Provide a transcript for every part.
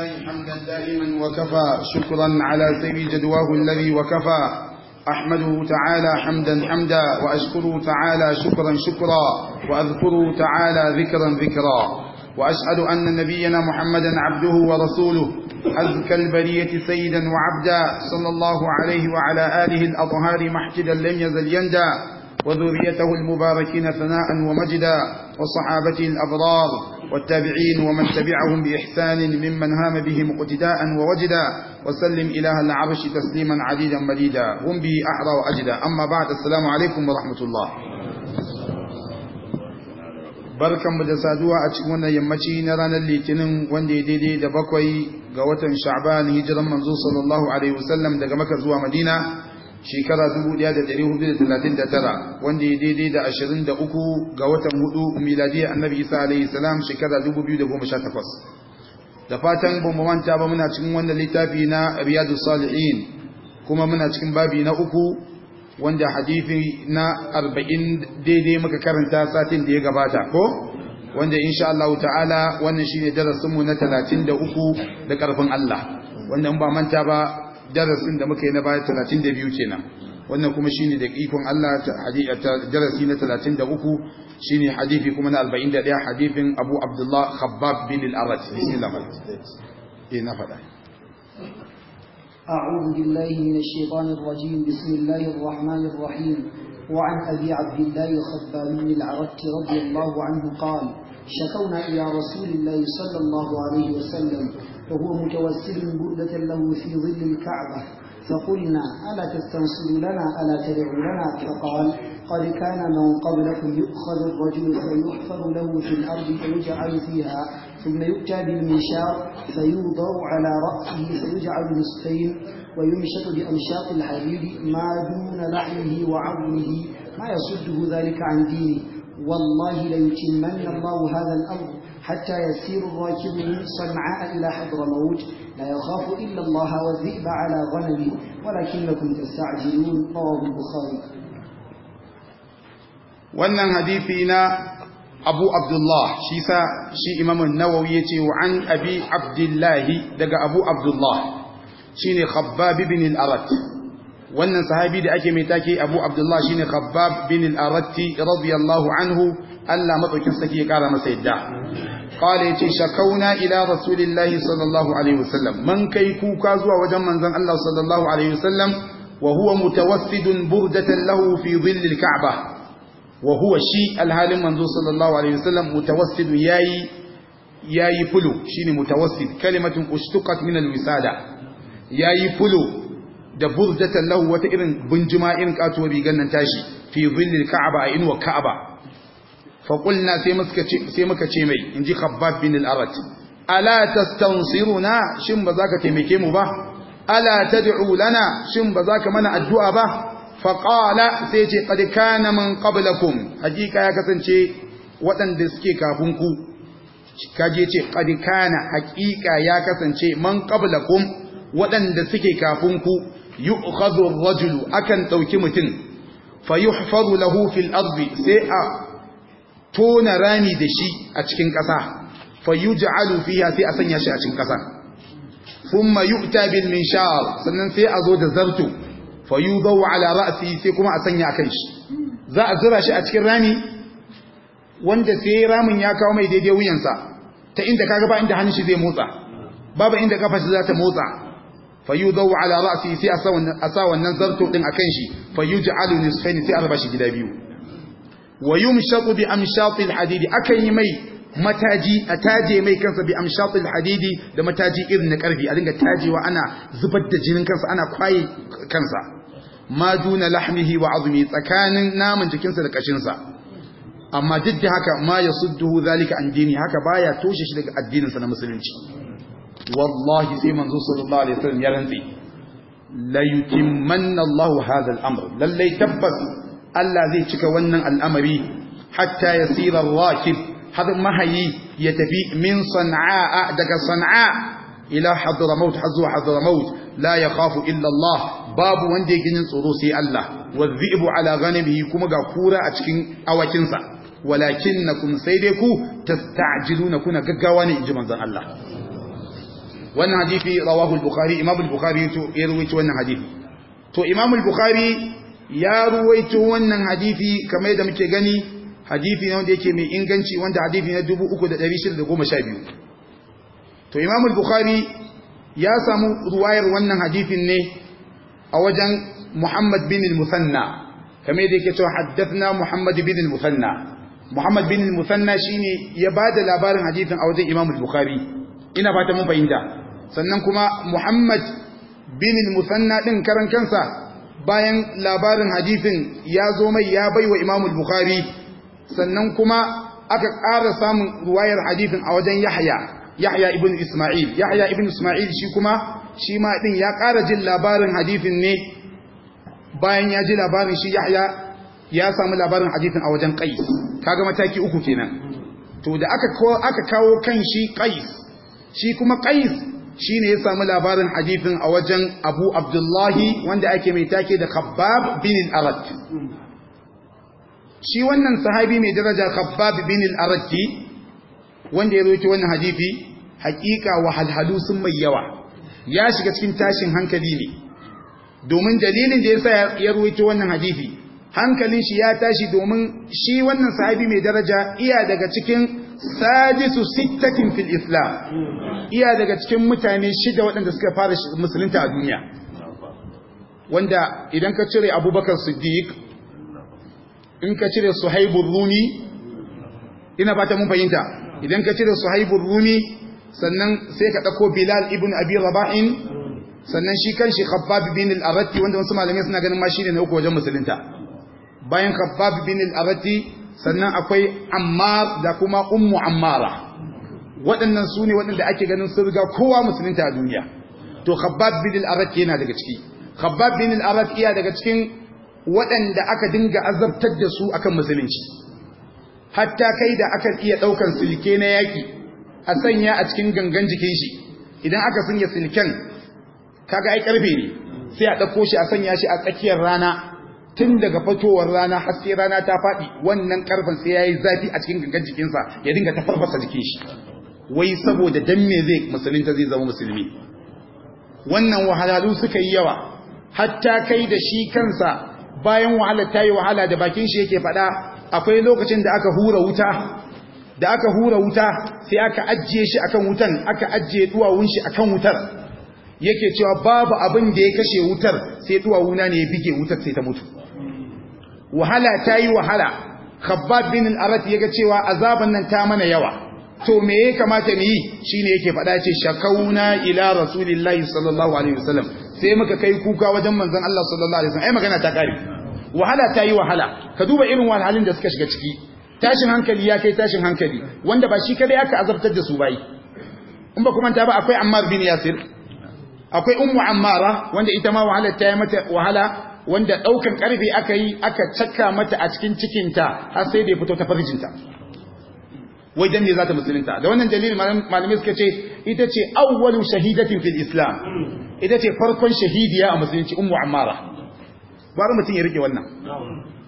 لله حمدا دائما وكفى شكرا على سبي جدواه الذي وكفى أحمده تعالى حمدا حمدا وأشكره تعالى شكرا شكرا وأذكره تعالى ذكرا ذكرا وأشهد أن نبينا محمدا عبده ورسوله أزكى البرية سيدا وعبدا صلى الله عليه وعلى آله الأطهار محجدا لم يزل يندى وذريته المباركين ثناء ومجدا والصحابة الأبرار والتابعين ومن تبعهم بإحسان ممن هام بهم اقتداء ووجدا وسلم إله العرش تسليما عديدا مديدا هم به أحرى وأجدا أما بعد السلام عليكم ورحمة الله barkan mu da saduwa a cikin wannan yammaci na ranar litinin wanda ya daidai da bakwai ga watan sha'ban hijiran manzo sallallahu alaihi wasallam daga maka zuwa madina shekara 1439 wanda ya daidai da 23 ga watan hudu miladiyar annabi isa alaihi salam shekara 2018 da fatan bamu manta ba muna cikin wannan littafi na riyadu salihin kuma muna cikin babi na uku wanda hadithi na 40 daidai muka karanta satin da ya gabata ko wanda insha Allah ta'ala wannan shine darasinmu na 33 da karfin Allah wanda in ba manta ba darasin da muka yi na baya 32 kenan wannan kuma shine da ikon Allah darasi na 33 shine hadisi kuma na 41 hadisin Abu Abdullah Khabbab bin al-Arat bismillah eh na fada أعوذ بالله من الشيطان الرجيم بسم الله الرحمن الرحيم وعن أبي عبد الله خباب بن العرج رضي الله عنه قال شكونا إلى رسول الله صلى الله عليه وسلم وهو متوسل بردة له في ظل الكعبة فقلنا ألا تستنصر لنا ألا تدع لنا فقال قد كان من قبلكم يؤخذ الرجل فيحفر له في الأرض فيجعل فيها ثم يؤتى بالمنشار فيوضع على رأسه فيجعل نصفين ويمشط بأنشاط الحديد ما دون لحمه وعظمه ما يصده ذلك عن دينه والله ليتمن الله هذا الأمر حتى يسير الراكب من صنعاء إلى حضرموت لا يخاف إلا الله والذئب على غنمه ولكنكم تستعجلون رواه البخاري wannan hadithi na abu abdullah shi sa shi imamun nawawi ya ce an abi abdullahi daga abu abdullah shi ne khabbab bin al'arat wannan sahabi da ake mai take abu abdullah shi ne khabbab bin al'aratti radiyallahu anhu allah maɗaukin sake ya ƙara masa yadda Kale ce, shakauna ila Rasulillahi sallallahu Alaihi wasallam, man kai kuka zuwa wajen manzan Allah sallallahu Alaihi wasallam, wa huwa mutawassidun burdatan lahu fi zillil Ka'aba, wa shi alhalin manzo sallallahu Alaihi wasallam mutawassidu yayi yayi fulu, shi ne mutawassid, kalimatin ustuqat min al-misala, yayi fulu da burdatan lahu wata irin bunjima in katuwa bigan nan tashi fi zillil Ka'aba a inuwar Ka'aba. faƙulna sai muka ce mai in ji khabbab bin al'arat ala tastansiruna shin ba za ka taimake mu ba ala tad'u lana shin ba za ka mana addu'a ba faƙala sai ce qad kana man qablakum hakika ya kasance waɗanda suke kafin ku kaje ce qad kana hakika ya kasance man qablakum waɗanda suke kafin ku yu'khadhu ar-rajulu akan ɗauki mutum Fa fayuhfazu lahu fil ardi sai a tona rami da shi a cikin ƙasa fa ji alufiya sai a sanya shi a cikin ƙasa mayu yu'ta min minshar sannan sai a zo da zarto fa yudaw ala ra'si sai kuma a sanya kan shi za a zura shi a cikin rami wanda sai ramin ya kawo mai daidai wuyansa ta inda kaga ba inda hannun shi zai motsa babu inda kafa shi za ta motsa fayudawu ala ra'si sai a sa wannan zarto din kan shi fayuj'alu nisfaini sai a raba shi gida biyu wa yumshaqu bi amshatil hadidi akan yi mai mataji a taje mai kansa bi amshatil hadidi da mataji irin na karfi a dinga tajewa ana zubar da jinin kansa ana kwaye kansa ma duna lahmihi wa azmi tsakanin naman jikinsa da kashinsa amma duk da haka ma yasudduhu zalika an dini haka baya toshe shi daga addininsa na musulunci wallahi sai manzo sallallahu alaihi wasallam ya rantsi la yutimmanna Allahu hadha al-amr lallai tabbas Allah zai cika wannan al'amari hatta ya yasira rakib har mahayi ya tafi min san'a daga san'a. ila hadramaut har zuwa hadramaut la yakhafu illa Allah babu wanda ya ginin tsoro sai Allah wadhibu ala ghanamihi kuma ga kura a cikin awakinsa walakinnakum sai dai ku ta na kuna gaggawa ne inji manzon Allah wannan hadisi rawahu al-bukhari imam al-bukhari ya rawaito wannan hadisi to imam al-bukhari ya ruwaito wannan hadithi kamar yadda muke gani hadithi ne wanda yake mai inganci wanda hadithi na 3612 to imam al-bukhari ya samu ruwayar wannan hadithin ne a wajen muhammad bin al-musanna kamar yadda yake cewa haddathna muhammad bin al-musanna muhammad bin al-musanna shine ya bada labarin hadithin a wajen imam al-bukhari ina fata mun fahimta sannan kuma muhammad bin al-musanna din karan kansa bayan labarin hadisin ya zo mai ya bai wa imamul bukari sannan kuma aka ƙara samun ruwayar hadisin a wajen yahya yahya ibn isma'il yahya ibn isma'il shi kuma shi ma din ya ƙara jin labarin hadisin ne bayan ya ji labarin shi yahya ya samu labarin hadisin a wajen qais kaga mataki uku kenan to da aka kawo kan shi qais shi kuma qais Shi ne ya samu labarin hadithin a wajen Abu Abdullahi wanda ake mai take da Khabbab bin al-Arad shi wannan sahabi mai daraja Khabbab bin al-Arad wanda ya rawaito wannan hadisi hakika wahalhalu sun mai yawa ya shiga cikin tashin hankali ne domin dalilin da ya sa ya rawaito wannan hadisi hankalin shi ya tashi domin shi wannan sahabi mai daraja iya daga cikin sadisu sittatin fil islam iya daga cikin mutane shida waɗanda suka fara musulunta a duniya wanda idan ka cire abubakar siddiq in ka cire suhaibun rumi ina ba ta mun fahimta idan ka cire suhaibun rumi sannan sai ka ɗauko bilal ibn abi raba'in sannan shi kan shi khabbab bin al-arati wanda wasu malamai suna ganin ma shine na uku wajen musulunta bayan khabbab bin al-arati sannan akwai ammar da kuma ummu ammara waɗannan su ne waɗanda ake ganin sun riga kowa musulunta a duniya to khabbab bin al arab yana daga ciki khabbab bin al arab iya daga cikin waɗanda aka dinga azabtar da su akan musulunci hatta kai da aka iya ɗaukan silke na yaki a sanya a cikin gangan jikin shi idan aka sanya silken kaga ai karfe ne sai a ɗauko shi a sanya shi a tsakiyar rana tun daga fatowar rana har sai rana ta faɗi wannan karfin sai yayi zafi a cikin gangan jikinsa ya dinga ta farfasa jikin shi wai saboda dan me zai ta zai zama musulmi wannan wahalalu suka yi yawa hatta kai da shi kansa bayan wahalar ta yi wahala da bakin shi yake faɗa akwai lokacin da aka hura wuta da aka hura wuta sai aka ajiye shi akan wutan aka ajiye duwawun shi akan wutar yake cewa babu abin da ya kashe wutar sai duwawuna ne ya bige wutar sai ta mutu wahala ta yi wahala khabbab bin al-arat yaga cewa azaban nan ta mana yawa to me ya kamata mu yi shine yake faɗa ce shakauna ila rasulillahi sallallahu alaihi wasallam sai muka kai kuka wajen manzon Allah sallallahu alaihi wasallam ai magana ta kare wahala ta yi wahala ka duba irin wahalhalin da suka shiga ciki tashin hankali ya kai tashin hankali wanda ba shi kadai aka azabtar da su bai in ba kuma ta ba akwai Ammar bin Yasir akwai Ummu Ammara wanda ita ma wahala ta yi mata wahala wanda daukan karfe aka yi aka cakka mata a cikin cikinta har sai da ya fito ta farjinta wai dan ne za ta musulunta da wannan dalilin malamai suka ce ita ce awwalu shahidatin fil islam ita ce farkon shahidiya a musulunci ummu ammara bari mutum ya rike wannan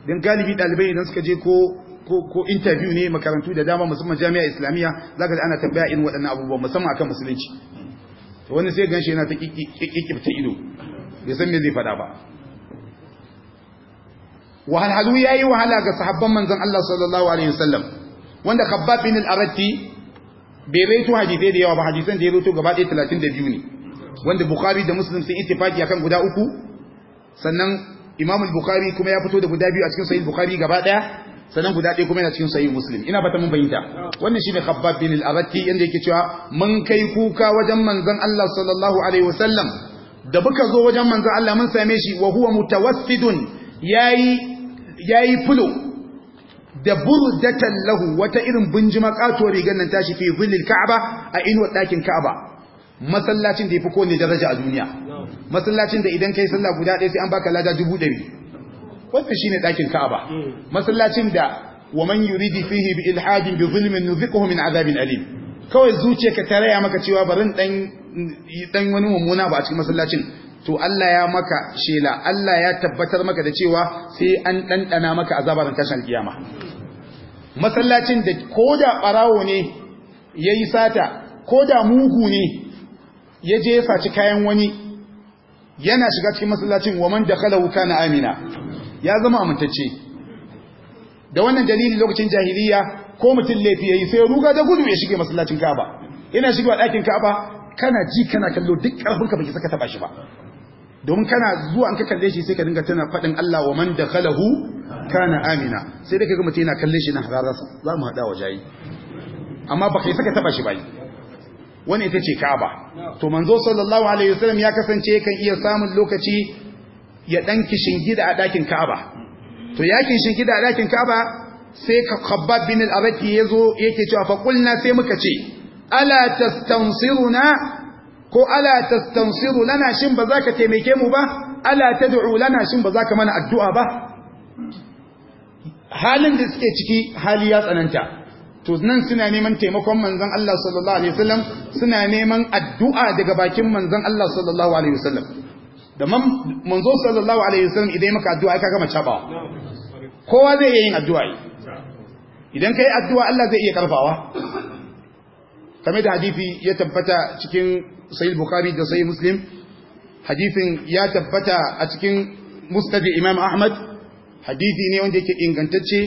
dan galibi dalibai idan suka je ko ko interview ne makarantu da dama musamman jami'a islamiyya zaka ji ana tambaya irin waɗannan abubuwa musamman akan musulunci to wani sai ganshi yana ta kikkifta ido bai san me zai faɗa ba wahalhalu ya yi wahala ga sahabban manzan Allah sallallahu alaihi wasallam wanda khabbab bin al-arati bai raito hadisai da yawa ba hadisan da ya raito gaba ɗaya 32 ne wanda bukhari da muslim sun ittifaki akan guda uku sannan imam al-bukhari kuma ya fito da guda biyu a cikin sahih bukhari gaba ɗaya sannan guda ɗaya kuma yana cikin sahih muslim ina fata mun bayyana wannan shine khabbab bin al-arati yanda yake cewa mun kai kuka wajen manzan Allah sallallahu alaihi wasallam da buka zo wajen manzan Allah mun same shi wa huwa mutawassidun yayi ya yi fulo da burdatan lahu wata irin bunjima katuwar rigar nan tashi fi zillil ka'aba a inuwar ɗakin ka'aba masallacin da ya fi kowane daraja a duniya masallacin da idan ka yi sallah guda ɗaya sai an baka lada dubu ɗari wannan shi ne ɗakin ka'aba masallacin da wa man yuridi fihi bi ilhadin bi zulmin nuziquhu min azabin alim kawai zuciya ka raya maka cewa bari dan dan wani mummuna ba a cikin masallacin to Allah ya maka shela Allah ya tabbatar maka da cewa sai an ɗanɗana maka azabar tashin kiyama masallacin da ko da ɓarawo ne ya yi sata ko da mugu ne ya je ya saci kayan wani yana shiga cikin masallacin waman da wuka kana amina ya zama amintacce da wannan dalili lokacin jahiliya ko mutum laifi ya yi sai ruga da gudu ya shige masallacin kaba yana shigewa dakin kaba kana ji kana kallo duk ƙarfinka baki saka taba shi ba domin kana zuwa an ka kalle shi sai ka dinga tana faɗin Allah wa man dakhalahu kana amina sai da ka mutum yana kalle shi na hararsa za mu hada wajayi amma ba kai saka taba shi bai wani ita ce Ka'aba to manzo sallallahu alaihi wasallam ya kasance kan iya samun lokaci ya dan kishin gida a dakin Ka'aba to ya kishin gida a dakin Ka'aba sai ka Khabbab bin al-Arati yazo yake cewa fa qulna sai muka ce ala tastansiruna ko ala tastansiru lana shin ba za ka taimake mu ba ala tad'u lana shin ba za ka mana addu'a ba halin da suke ciki hali ya tsananta to nan suna neman taimakon manzon Allah sallallahu alaihi wasallam suna neman addu'a daga bakin manzon Allah sallallahu alaihi wasallam da manzo sallallahu alaihi wasallam idan maka addu'a ka gama cabawa kowa zai yi yin addu'a idan kai addu'a Allah zai iya karfawa kamar da hadisi ya tabbata cikin sahih bukhari da sahih muslim hadisin ya tabbata a cikin musnad imam ahmad hadisi ne wanda yake ingantacce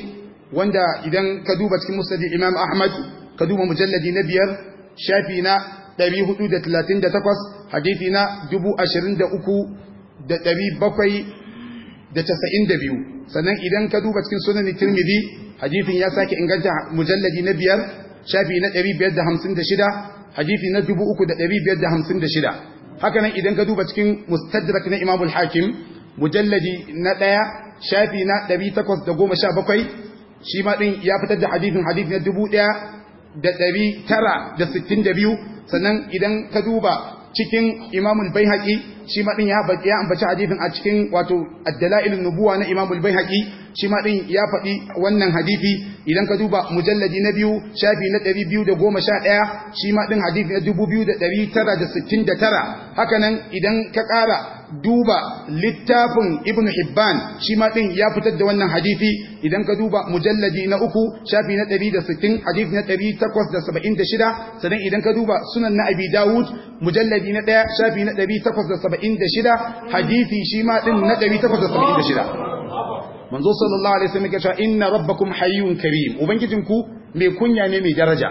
wanda idan ka duba cikin musnad imam ahmad ka duba mujalladi na biyar shafi na 438 hadisi na 23792 sannan idan ka duba cikin sunan tirmidhi hadisin ya sake inganta mujalladi na biyar shafi na 556 hadisi na 3556 haka nan idan ka duba cikin mustadrak na imamul hakim mujalladi na 1 shafi na 817 shi ma din ya fitar da hadisin hadisi na 1962 sannan idan ka duba cikin imamul bai haƙi shi maɗin ya ambaci hadithin a cikin wato addala'ilin nubuwa na imamul bai haƙi shi ma din ya faɗi wannan hadifi idan ka duba mujallaji na biyu shafi na ɗari biyu da goma 211 shi ma ɗin hadifi na dubu biyu da da ɗari tara sittin 2969 haka nan idan ka ƙara duba littafin ibn hibban shi ma din ya fitar da wannan hadifi idan ka duba mujallaji na uku shafi na ɗari da sittin hadifi na ɗari takwas da da saba'in shida. sannan idan ka duba sunan na abi dawud mujallaji na ɗaya shafi na ɗari takwas da saba'in 876 hadisi shi ma ɗin na ɗari takwas da da saba'in shida. manzo sallallahu alaihi wasallam yake cewa inna rabbakum hayyun karim ubangijin ku mai kunya ne mai daraja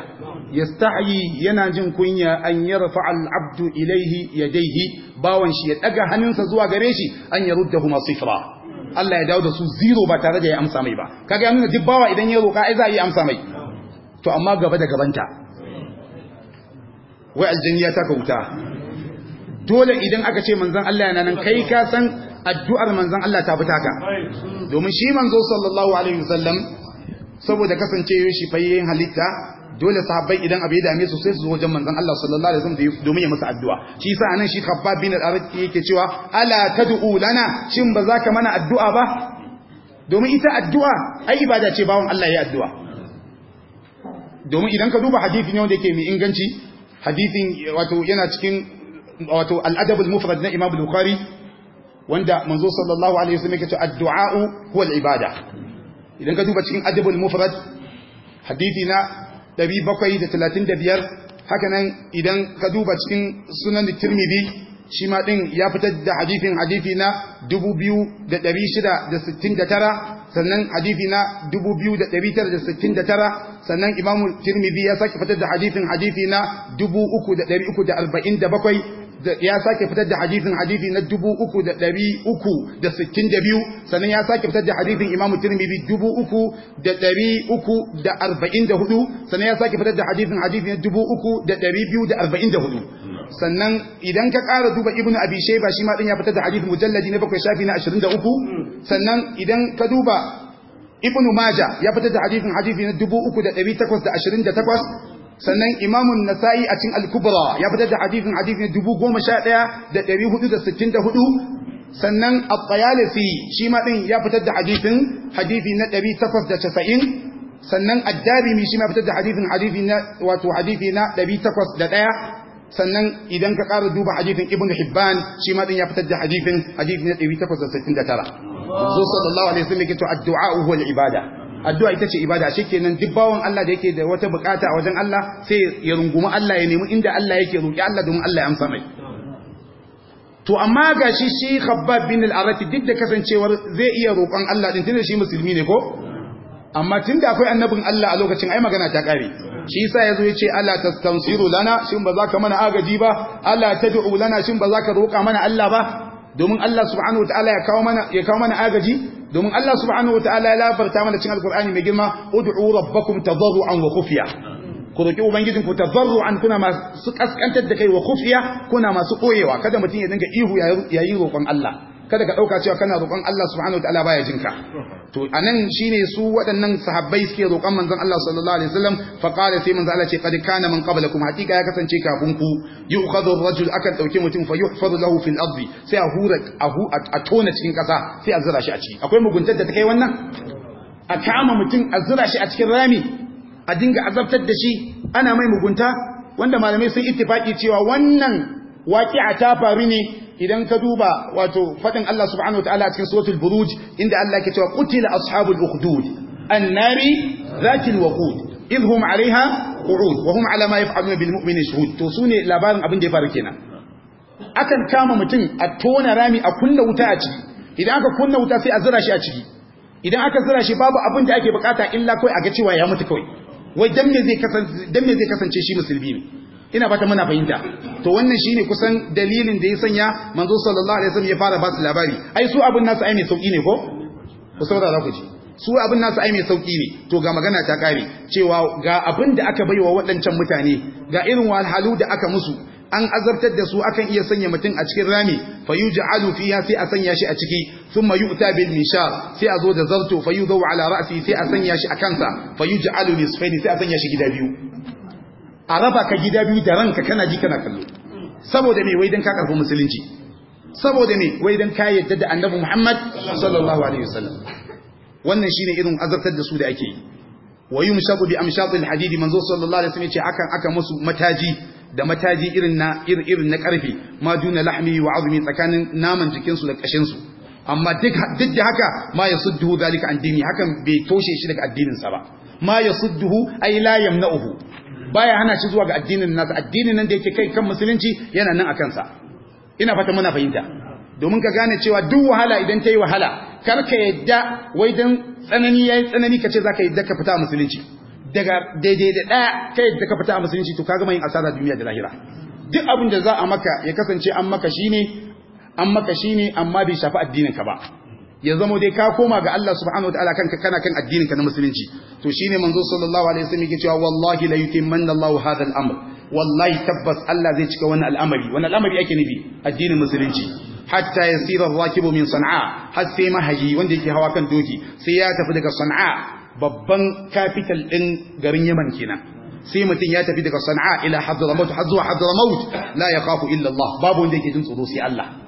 yastahyi yana jin kunya an yarfa al-abdu ilayhi yadayhi bawan shi ya daga hannunsa zuwa gare shi an yaruddahuma sifra Allah ya dawo da su zero ba tare da ya amsa mai ba kaga ya nuna duk bawa idan ya roka ai za a yi amsa mai to amma gaba da gabanta wai aljinniya ta kauta dole idan aka ce manzon Allah yana nan kai ka san addu'ar manzan Allah ta fita ka domin shi manzo sallallahu alaihi wasallam saboda kasance shi fayyin halitta dole sahabbai idan abu ya dame su sai su zo wajen manzan Allah sallallahu alaihi wasallam domin ya masa addu'a shi sa nan shi Khabbab bin al-Arqi yake cewa ala tad'u lana shin ba za ka mana addu'a ba domin ita addu'a ai ibada ce bawon Allah ya addu'a domin idan ka duba hadisi ne wanda yake mai inganci hadisin wato yana cikin wato al-adab mufrad na Imam Bukhari wanda manzo sallallahu alaihi wasallam yake cewa addu'a huwa al-ibada idan ka duba cikin adabul mufrad hadisi na 735 haka nan idan ka duba cikin sunan tirmidhi shi ma din ya fitar da hadisin hadisi na 2669 sannan hadithi na 2969 sannan imamu tirmidhi ya sake fitar da hadithin hadithi na 3347 ya sake fitar da hadisin hadisi na 3362 sannan ya sake fitar da hadisin Imam Tirmidhi 3344 sannan ya sake fitar da hadisin hadisi na 3244 sannan idan ka ƙara duba Ibnu Abi Shayba shi ma din ya fitar da hadisi mujalladi na 7 shafi na 23 sannan idan ka duba Ibnu Majah ya fitar da hadisin hadisi na 3828 sannan imamun nasa'i a cikin al-kubra ya fitar da hadisin hadisin 11464 sannan at-tayalisi shi ma din ya fitar da hadisin hadisi na 890 sannan ad-darimi shi ma fitar da hadisin hadisi na wato hadisi na 801 sannan idan ka ƙara duba hadisin ibnu hibban shi ma din ya fitar da hadisin hadisi na 869 zo sallallahu alaihi wasallam yake to addu'a huwa al-ibada addu'a ita ce ibada ashe kenan duk bawon Allah da yake da wata bukata a wajen Allah sai ya rungumi Allah ya nemi inda Allah yake roki Allah domin Allah ya amsa mai to amma gashi shi Khabbab bin al-Arafi duk da kasancewar zai iya roƙon Allah din tunda shi musulmi ne ko amma tunda akwai annabin Allah a lokacin ai magana ta kare shi yasa yazo yace Allah tastansiru lana shin ba za ka mana agaji ba Allah tad'u lana shin ba za ka roƙa mana Allah ba domin Allah subhanahu wataala ya kawo mana ya kawo mana agaji domin Allah subhanahu wataala ya labarta mana cikin alqur'ani mai girma ud'u rabbakum tadarruan wa khufiya ku roki ubangijin ku tadarruan kuna masu kaskantar da kai wa khufiya kuna masu koyewa kada mutum ya dinga ihu yi roƙon Allah kada ka dauka cewa kana roƙon Allah subhanahu wataala baya jinka to anan shine su waɗannan sahabbai suke roƙon manzon Allah sallallahu alaihi wasallam fa qala sai manzon Allah ce qad kana man qablakum haqiqa ya kasance kafin ku yu'khadhu ar-rajul akan dauke mutum fa yuhfazu lahu fil ardi sai a hura a tona cikin kasa sai a zira shi a ciki akwai muguntar da ta kai wannan a kama mutum a zira shi a cikin rami a dinga azabtar da shi ana mai mugunta wanda malamai sun ittifaki cewa wannan waƙi'a ta faru ne idan ka duba wato fadin Allah subhanahu wataala a cikin suratul buruj inda Allah ke cewa qutila ashabul ukhdud annari zatil waqud idhum alaiha qu'ud wa hum ala ma yaf'aluna bil mu'minina shuhud to sune labarin abin da ya faru kenan akan kama mutum a tona rami a kunna wuta a ciki idan aka kunna wuta sai a zira shi a ciki idan aka zira shi babu abin da ake bukata illa kai a ga cewa ya mutu kai wai dan me zai kasance shi musulmi ne ina fata muna fahimta to wannan shine kusan dalilin da ya sanya manzo sallallahu alaihi wasallam ya fara ba su labari ai su abin nasu ai mai sauki ne ko ku za ku ji su abin nasu ai mai sauki ne to ga magana ta kare cewa ga abin da aka baiwa waɗancan mutane ga irin walhalu da aka musu an azabtar da su akan iya sanya mutum a cikin rami fa yuj'alu fiha sai a sanya shi a ciki thumma yu'ta bil mishar sai a zo da zarto fa yudau ala ra'si sai a sanya shi a kansa fa yuj'alu nisfaini sai a sanya shi gida biyu a raba ka gida biyu da ranka kana ji kana kallo saboda me wai dan ka karfi musulunci saboda me wai dan ka yadda da annabi Muhammad sallallahu alaihi wasallam wannan shine irin azartar da su da ake yi wa yumshadu bi amshatil hadidi manzo sallallahu alaihi wasallam yace akan aka musu mataji da mataji irin na irin na karfi ma duna lahmi wa azmi tsakanin naman jikin su da kashin su amma duk duk da haka ma yasuddu zalika an dini hakan bai toshe shi daga addinin sa ba ma yasudduhu ay la yamna'uhu baya hana shi zuwa ga addinin nasa addinin nan da yake kai kan musulunci yana nan a kansa ina fata muna fahimta domin ka gane cewa duk wahala idan ta yi wahala kar ka yadda wai dan tsanani yayi tsanani ka ce zaka yadda ka fita musulunci daga daidai da ɗaya ka yadda ka fita musulunci to gama yin asara duniya da lahira duk abin da za a maka ya kasance an maka shine an maka shine amma bai shafi addinin ka ba ya zama dai ka koma ga Allah subhanahu ta'ala kanka kana kan addinin ka na musulunci to shine manzo sallallahu alaihi wasallam yake cewa wallahi la yutimanna Allahu hadha al-amr wallahi tabbas Allah zai cika wannan al'amari wannan al'amari yake nufi addinin musulunci hatta yasira ar-rakibu min har sai mahaji wanda yake hawa kan doki sai ya tafi daga san'a babban capital din garin Yaman kenan sai mutum ya tafi daga sana'a ila hadramaut har zuwa hadramaut la ya kafu illa Allah babu wanda yake jin tsoro sai Allah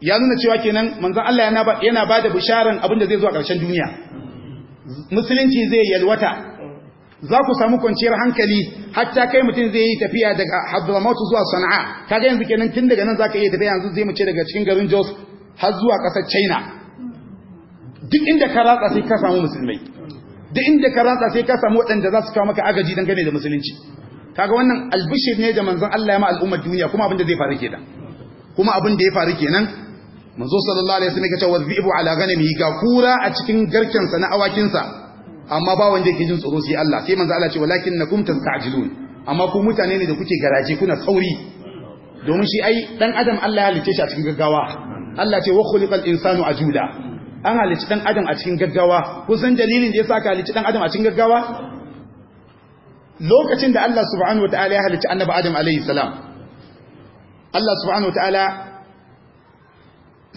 ya nuna cewa kenan manzon Allah yana ba da bisharan abin da zai zo a ƙarshen duniya musulunci zai yalwata za ku samu kwanciyar hankali hatta kai mutum zai yi tafiya daga Hadramaut zuwa Sana'a ga yanzu kenan tun daga nan za ka iya tafiya yanzu zai mace daga cikin garin Jos har zuwa ƙasar China duk inda ka ratsa sai ka samu musulmai duk inda ka ratsa sai ka samu waɗanda za su kawo maka agaji dangane da musulunci kaga wannan albishir ne da manzon Allah ya ma al'ummar duniya kuma abin da zai faru kenan kuma abin da ya faru kenan manzo sallallahu alaihi wasallam kace wazibu ala ghanamihi ga kura a cikin garken sa na awakin sa amma ba wanda yake jin tsoro sai Allah sai manzo Allah ce walakin walakinnakum tasta'jilun amma ku mutane ne da kuke garaje kuna sauri domin shi ai dan adam Allah ya halice shi a cikin gaggawa Allah ce wa khuliqal insanu ajuda an halici dan adam a cikin gaggawa Kusan san dalilin da yasa ka halici dan adam a cikin gaggawa lokacin da Allah subhanahu wataala ya halici annabi adam alaihi salam Allah subhanahu wataala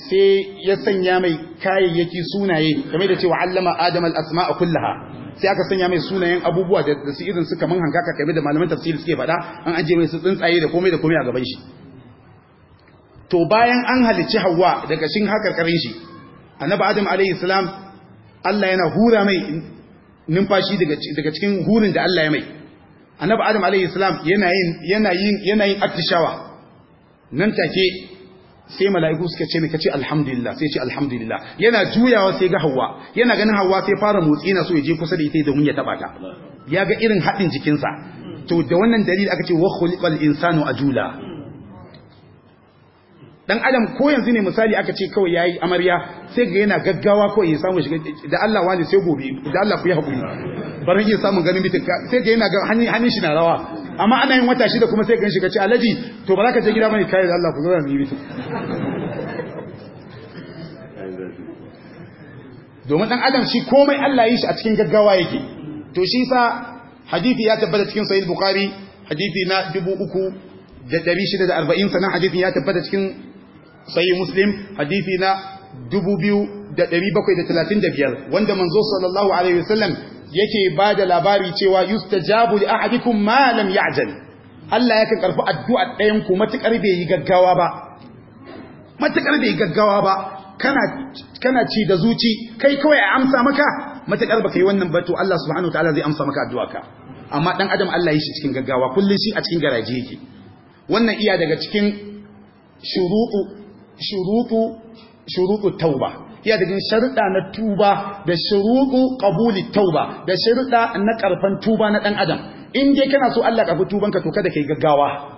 sai ya sanya mai kayayyaki sunaye game da cewa allama adam al-asma'a kullaha sai aka sanya mai sunayen abubuwa da su irin su kaman hankaka kai da malaman tafsiri suke faɗa an aje mai su tsuntsaye da komai da komai a gaban shi to bayan an halicci hawa daga shin karin shi annabi adam alayhi salam Allah yana hura mai numfashi daga daga cikin hurin da Allah ya mai annabi adam alayhi salam yana yin yana yin yana yin attishawa nan take sai mala'iku suka ce mai kace alhamdulillah sai ce alhamdulillah yana juyawa sai ga hawa yana ganin hawa sai fara motsi na so ya je kusa da ita domin ya taba ta ya ga irin haɗin jikinsa to da wannan dalili aka ce wa khuliqal insanu ajula dan adam ko yanzu ne misali aka ce kawai yayi amarya sai ga yana gaggawa ko ya samu shiga da Allah wani sai gobe da Allah ku ya hakuri barin ya samu ganin bitin sai ga yana hannun shi na rawa amma ana yin wata shida kuma sai gan shi ka ce alaji to ba za ka je gida bane kai da Allah ku zauna bibi domin ɗan adam shi komai Allah yi shi a cikin gaggawa yake to shi sa hadisi ya tabbata cikin sahih bukhari hadithi na 3640 sanan hadithi ya tabbata cikin sahih muslim hadithi na 2735 wanda manzo sallallahu alaihi wasallam yake ba da labari cewa jabu li ahadikum malam ya ajali Allah yakan karfi addu'a dayanku ku bai yi gaggawa ba matukar bai yi gaggawa ba kana ci da zuci kai kawai a amsa maka matukar baka yi wannan ba to Allah subhanahu ta'ala zai amsa maka ka. amma dan adam Allah yi shi cikin gaggawa kullum shi a cikin garaje yake wannan iya daga cikin shurutu shurutu shurutu tauba iya daga sharuɗa na tuba da shuruɗu qabuli tauba da sharuɗa na karfan tuba na ɗan adam in dai kana so Allah karfi tubanka to kada kai gaggawa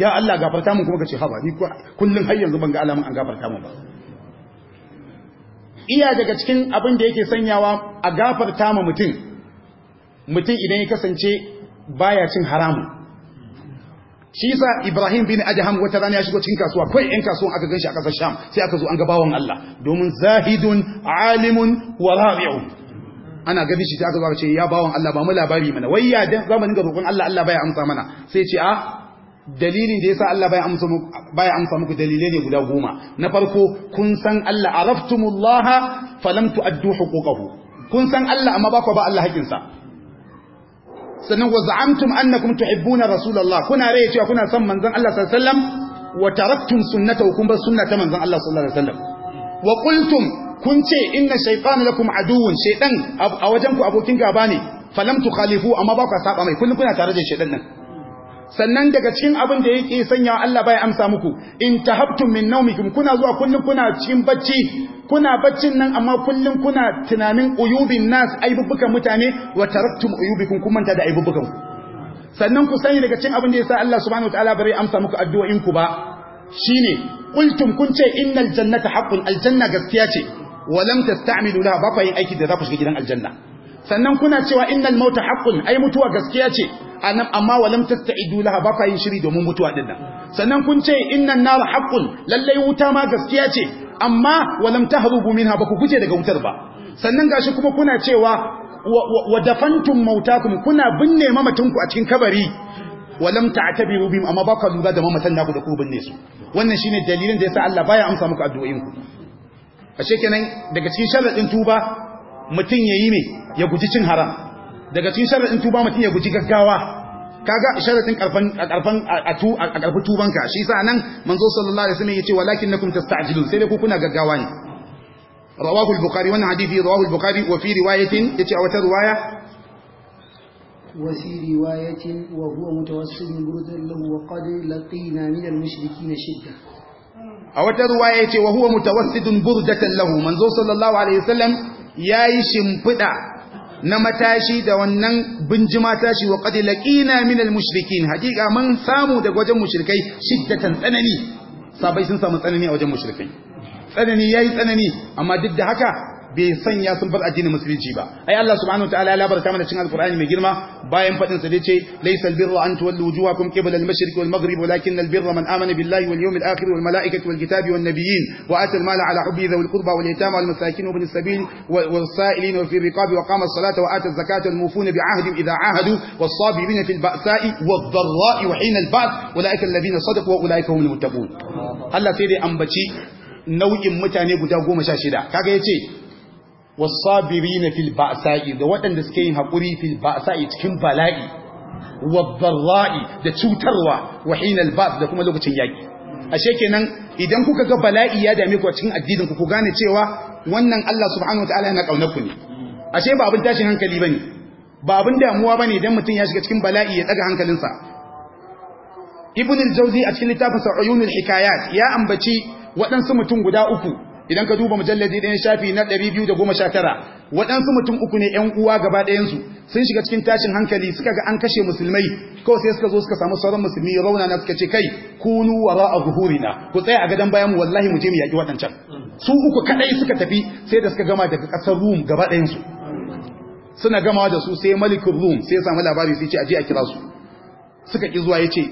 ya Allah gafarta mun kuma ce haba ni kullum har yanzu ban ga alamun an gafarta mun ba iya daga cikin abin da yake sanyawa a gafarta ma mutum mutum idan ya kasance baya cin haramun shi yasa Ibrahim bin Adham wata rana ya shigo cikin kasuwa kai ɗan kasuwan aka ganshi a ƙasar Sham sai aka zo an ga bawon Allah domin zahidun alimun wa ana gani shi sai aka zo aka ce ya bawon Allah ba mu labari mana wai ya dan zamanin ga roƙon Allah Allah baya amsa mana sai ce a ah, dalilin da yasa Allah baya amsa muku baya amsa muku dalilai ne guda goma na farko kun san Allah araftumullaha falam tuaddu huquqahu kun san Allah amma ba ku ba Allah hakinsa. sannan wa za'amtum annakum tuhibbuna rasulullah kuna raye cewa kuna son manzon Allah sallallahu alaihi wasallam wa taraktum sunnatahu kun bar sunnata manzon Allah sallallahu alaihi wasallam wa qultum kun ce inna shaytana lakum aduwwun shaytan a wajen ku abokin gaba ne falam tukhalifu amma ba ku saba mai kullun kuna tare da shaytan nan sannan daga cikin abin da yake sanya Allah bai amsa muku in tahabtum min nawmikum kuna zuwa kullun kuna cikin bacci kuna baccin nan amma kullun kuna tunanin uyubin nas aibubukan mutane wa taraktum uyubikum kuma ta da aibubukan ku sannan ku sani daga cikin abin da yasa Allah subhanahu wataala bai amsa muku addu'o'in ku ba shine qultum kun ce innal jannata haqqun aljanna gaskiya ce wa lam tasta'milu laha ba fa yin aiki da za ku shiga gidan aljanna sannan kuna cewa innal mauta haqqun ai mutuwa gaskiya ce amma walam tasta'idu laha ba yin shiri domin mutuwa din nan sannan kun ce innan nar haqqun lallai wuta ma gaskiya ce amma walam tahrubu minha ba ku guje daga wutar ba sannan gashi kuma kuna cewa wa dafantum mautakum kuna binne mamatunku a cikin kabari walam ta'tabiru bihim amma ba ka lura da mamatan naku da ku binne su wannan shine dalilin da yasa Allah baya amsa muku addu'o'inku ashe kenan daga cikin sharadin tuba mutum ya yi ne ya guji cin haram daga cikin sharaɗin tuba mutum ya guji gaggawa kaga sharaɗin ƙarfin a ƙarfi tubanka shi sa nan manzo sallallahu alaihi wasallam yace walakin nakum tasta'jilun sai dai ku kuna gaggawa ne rawahu al-bukhari wannan hadisi rawahu al-bukhari wa fi riwayatin yace a wata riwaya wa fi riwayatin wa huwa mutawassilun burdan lahu wa qad laqina min al-mushrikeena shidda a wata riwaya yace wa huwa mutawassidun burdatan lahu manzo sallallahu alaihi wasallam ya yi shimfiɗa na matashi da wannan binjima tashi wa ƙadi laƙina minal mushrikin haƙiƙa mun samu daga wajen mushrikai shiddatan tsanani sabai sun samu tsanani a wajen mushrikai tsanani ya yi tsanani amma duk da haka bai sanya sun bar addinin musulunci ba ai Allah subhanahu wataala ya labarta mana cikin alqur'ani mai girma bayan fadin sa dace laysal birru an tuwallu wujuhakum qibla al-mashriq wal maghrib walakin al-birra man amana billahi wal yawmil akhir wal malaikati wal kitabi wan nabiyyin wa ata al-mala ala hubbi dhawil qurba wal yatama wal masakin ibn as-sabil wal sa'ilin wa fi riqabi wa qama as-salata wa ata az-zakata wal mufuna bi ahdihim idha ahadu was sabirin fil ba'sa'i wad dharra'i wa hina al-ba'th ulaika alladhina sadaqu wa ulaika humul muttaqun Allah sai dai ambaci nau'in mutane guda goma kaga yace wasabirina fil ba'sa'i da waɗanda suke yin haƙuri fil ba'sa'i cikin bala'i wadarra'i da cutarwa wa hinal ba's da kuma lokacin yaki ashe kenan idan kuka ga bala'i ya dame ku a cikin addinin ku ku gane cewa wannan Allah subhanahu wataala yana kaunar ku ne ashe ba abin tashin hankali bane ba abin damuwa bane idan mutum ya shiga cikin bala'i ya daga hankalinsa ibn al-jawzi a cikin littafin sa uyunul hikayat ya ambaci waɗansu mutum guda uku idan ka duba mujalladi ɗayan shafi na 219 waɗansu mutum uku ne ‘yan uwa gaba ɗayansu sun shiga cikin tashin hankali suka ga an kashe musulmai kawai sai suka zo suka samu sauran musulmi rauna na suka ce kai kunu wara a na. ku tsaya a gadon bayan mu wallahi mu je mu yaƙi waɗancan su uku kaɗai suka tafi sai da suka gama daga ƙasar rum gaba ɗayansu suna gamawa da su sai malikin rum sai samu labari sai ce je a kira su suka ƙi zuwa ya ce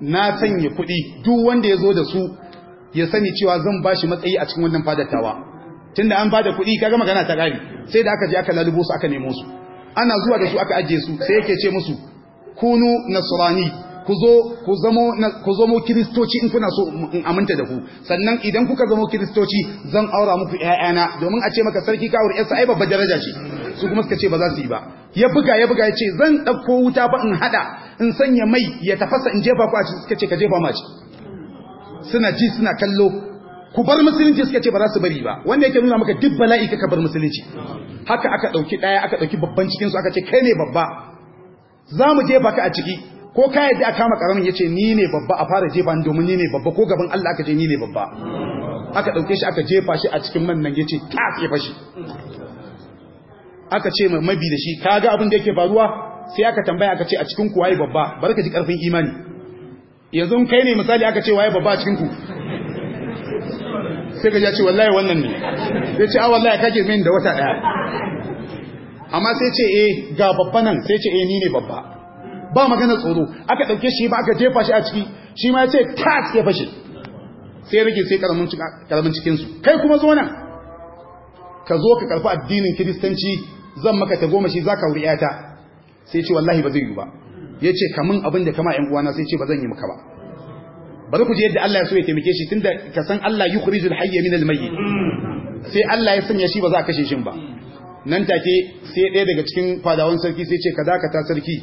na sanya kuɗi duk wanda ya zo da su ya sani cewa zan ba shi matsayi a cikin wannan fadatawa tunda an bada kuɗi kaga magana ta gari sai da aka je aka lalubo su aka nemo su ana zuwa da su aka ajiye su sai yake ce musu kunu nasrani ku zo ku zamo ku zamo kristoci in kuna so in aminta da ku sannan idan kuka zamo kristoci zan aura muku ƴaƴana domin a ce maka sarki kawur yarsa ai babbar daraja ce su kuma suka ce ba za su yi ba ya buga ya buga ya ce zan ɗauko wuta ba in hada in sanya mai ya tafasa in jefa ku a ciki suka ce ka jefa a ciki suna ji suna kallo ku bar musulunci suka ce ba za su bari ba wanda yake nuna maka duk bala'i ka bar musulunci haka aka dauki daya aka dauki babban cikin su aka ce kai ne babba za mu jefa ka a ciki ko ka yadda aka kama karamin ya ce ni ne babba a fara jefa ni domin ni ne babba ko gaban Allah aka ce ni ne babba aka dauke shi aka jefa shi a cikin man nan ya ce ta ya fashi aka ce mai mabi da shi kaga abin da yake faruwa sai aka tambaya aka ce a cikin kuwaye babba barka ji karfin imani yanzu kai ne misali aka ce waye babba cikin ku sai ka ce wallahi wannan ne sai ce a ah, wallahi ka girme da wata daya amma sai ce eh ga babba nan sai ce eh ni ne babba ba magana tsoro aka dauke shi ba aka jefa shi a ciki shi ma ya ce kat ya fashe sai rike sai karamin cikin su kai kuma zo nan ka zo ka karfi addinin kiristanci zan maka ta goma shi zaka wuri yata sai ce wallahi ba zai yi ba ya ce kamun abin da kama uwana sai ce ba zan yi maka ba bari ku je yadda Allah ya so ya taimake shi da ka san Allah yi yukhrijul hayyar minal mai sai Allah ya sanya shi ba za a kashe shi ba nan take sai ɗaya daga cikin fadawan sarki sai ce ka dakata sarki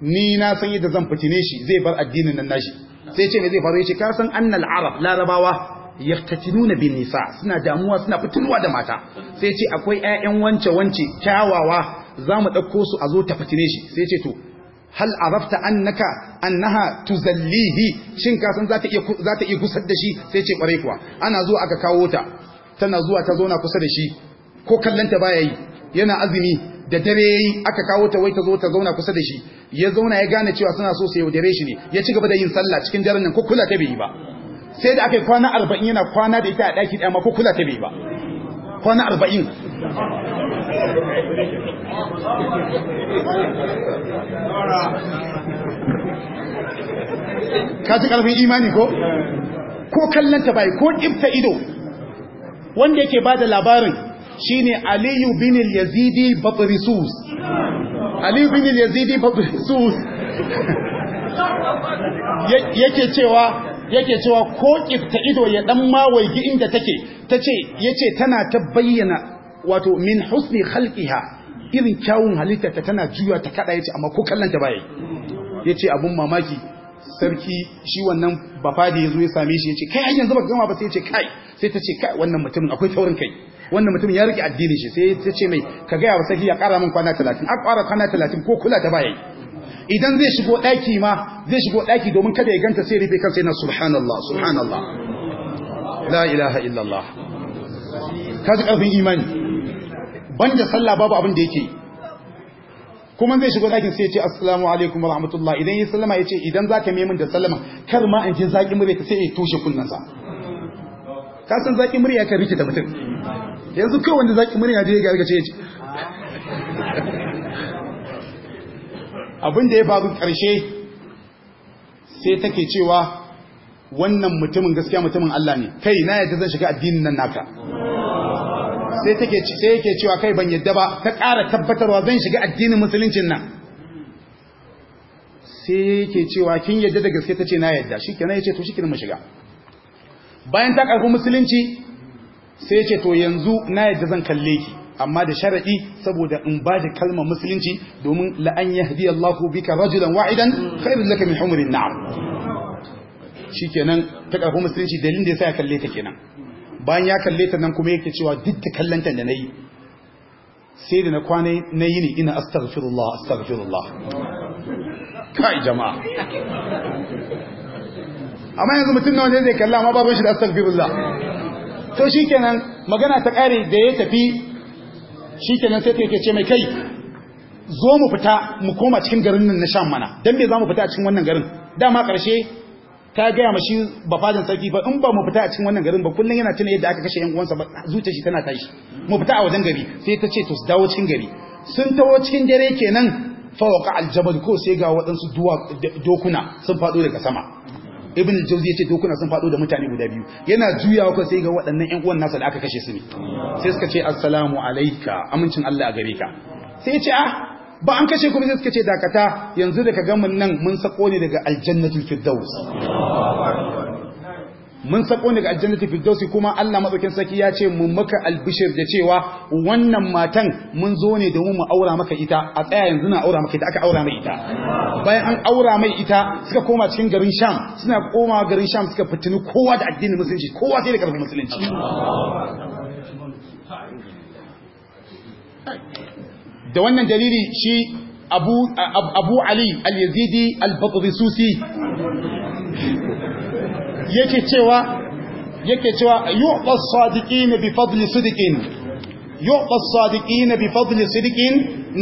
ni na san yadda zan fitine shi zai bar addinin nan nashi sai ce me zai faru ya ka san annal arab larabawa yaftatinuna bin nisa suna damuwa suna fitinuwa da mata sai ce akwai ƴaƴan wance wance kyawawa za mu ɗauko su a zo ta fitine shi sai ce to hal arafta annaka annaha tuzallihi shin ka san zata iya zata iya kusar da shi sai ce kware kuwa ana zuwa aka kawo ta tana zuwa ta zauna kusa da shi ko kallanta baya yi yana azumi da dare yayi aka kawo ta wai ta zo ta zauna kusa da shi ya zauna ya gane cewa suna so su dare shi ne ya ci gaba da yin sallah cikin daren nan ko kula ta bai yi ba sai da aka yi kwana arba'in yana kwana da ita a ɗaki da ma ko kula ta bai ba kwana arba'in ka ji imani ko ko kallanta bai ko ɗifta ido wanda yake ba da labarin shine aliyu bin yazidi babrisus aliyu bin yazidi babrisus yake cewa yake cewa ko ƙifta ido ya ɗan mawaigi inda take ta ce yace tana ta bayyana wato min husni khalqiha irin kyawun halitta ta tana juya ta kada yace amma ko kallanta baya yace abun mamaki sarki shi wannan bafadi yazo ya same shi yace kai har yanzu baka gama ba sai yace kai sai ta ce kai wannan mutumin akwai taurin kai wannan mutumin ya rike addinin shi sai ta ce mai ka gaya wa sarki ya kara min kwana 30 a kara kwana 30 ko kula ta baya idan zai shigo daki ma zai shigo daki domin kada ya ganta sai rufe kansa yana subhanallah subhanallah la ilaha illallah kaji karfin imani banda sallah babu abin da yake kuma zai shigo zakin sai ya ce assalamu alaikum rahmatullah idan ya sallama ya ce idan za ka min da sallama kar ma in ji zaƙin murya ka sai ya toshe kunnansa ka san zaƙin murya ka rike da mutum yanzu kai wanda zaƙin murya da ya ga ce ya ce abin da ya faru ƙarshe sai take cewa wannan mutumin gaskiya mutumin Allah ne kai na yadda zan shiga addinin nan naka sai take sai yake cewa kai ban yadda ba ta ƙara tabbatarwa zan shiga addinin musuluncin nan sai yake cewa kin yadda da gaske tace na yadda shikenan yace to shikenan mu shiga bayan ta karbi musulunci sai yace to yanzu na yadda zan kalle ki amma da sharadi saboda in ba da kalmar musulunci domin la an yahdi Allahu bika rajulan wahidan khairul laka min humrin na'am shikenan ta karbi musulunci dalilin da yasa ya kalle ta kenan bayan ya kalle ta nan kuma yake cewa duk da kallanta da nayi sai da na kwana nayi ne ina astaghfirullah astaghfirullah kai jama'a amma yanzu mutum nawa ne zai kalla amma babu shi da astaghfirullah to shikenan magana ta kare da ya tafi shikenan sai ta yake ce mai kai zo mu fita mu koma cikin garin nan na shan mana dan me za mu fita cikin wannan garin dama karshe Ta gaya mashi ba fadin sarki ba in ba mu fita a cikin wannan garin ba kullum yana tuna yadda aka kashe yan uwansa ba zuciya shi tana tashi mu fita a wajen gari sai ta ce to su dawo cikin gari sun tawo cikin dare kenan fa waqa aljabal ko sai ga waɗansu dokuna sun faɗo daga sama ibn jauzi ya ce dokuna sun faɗo da mutane guda biyu yana juyawa ko sai ga waɗannan yan uwan nasa da aka kashe su ne sai suka ce assalamu alaika amincin Allah a gare ka sai ya ce ah ba an kashe kuma suka ce dakata yanzu da ka ga mun nan mun sako ne daga aljannatul firdaus mun sako ne daga aljannatul firdaus kuma Allah madaukin saki ya ce mun maka albishir da cewa wannan matan mun zo ne domin mu aura maka ita a tsaya yanzu na aura maka ita aka aura mai ita bayan an aura mai ita suka koma cikin garin Sham suna koma garin Sham suka fitini kowa da addinin musulunci kowa sai da karfin musulunci da wannan dalili shi abu, abu ali al-yazidi al-batrisusi yake cewa yake cewa yu'ta as-sadiqina bi fadli sidqin yu'ta as-sadiqina bi fadli sidqin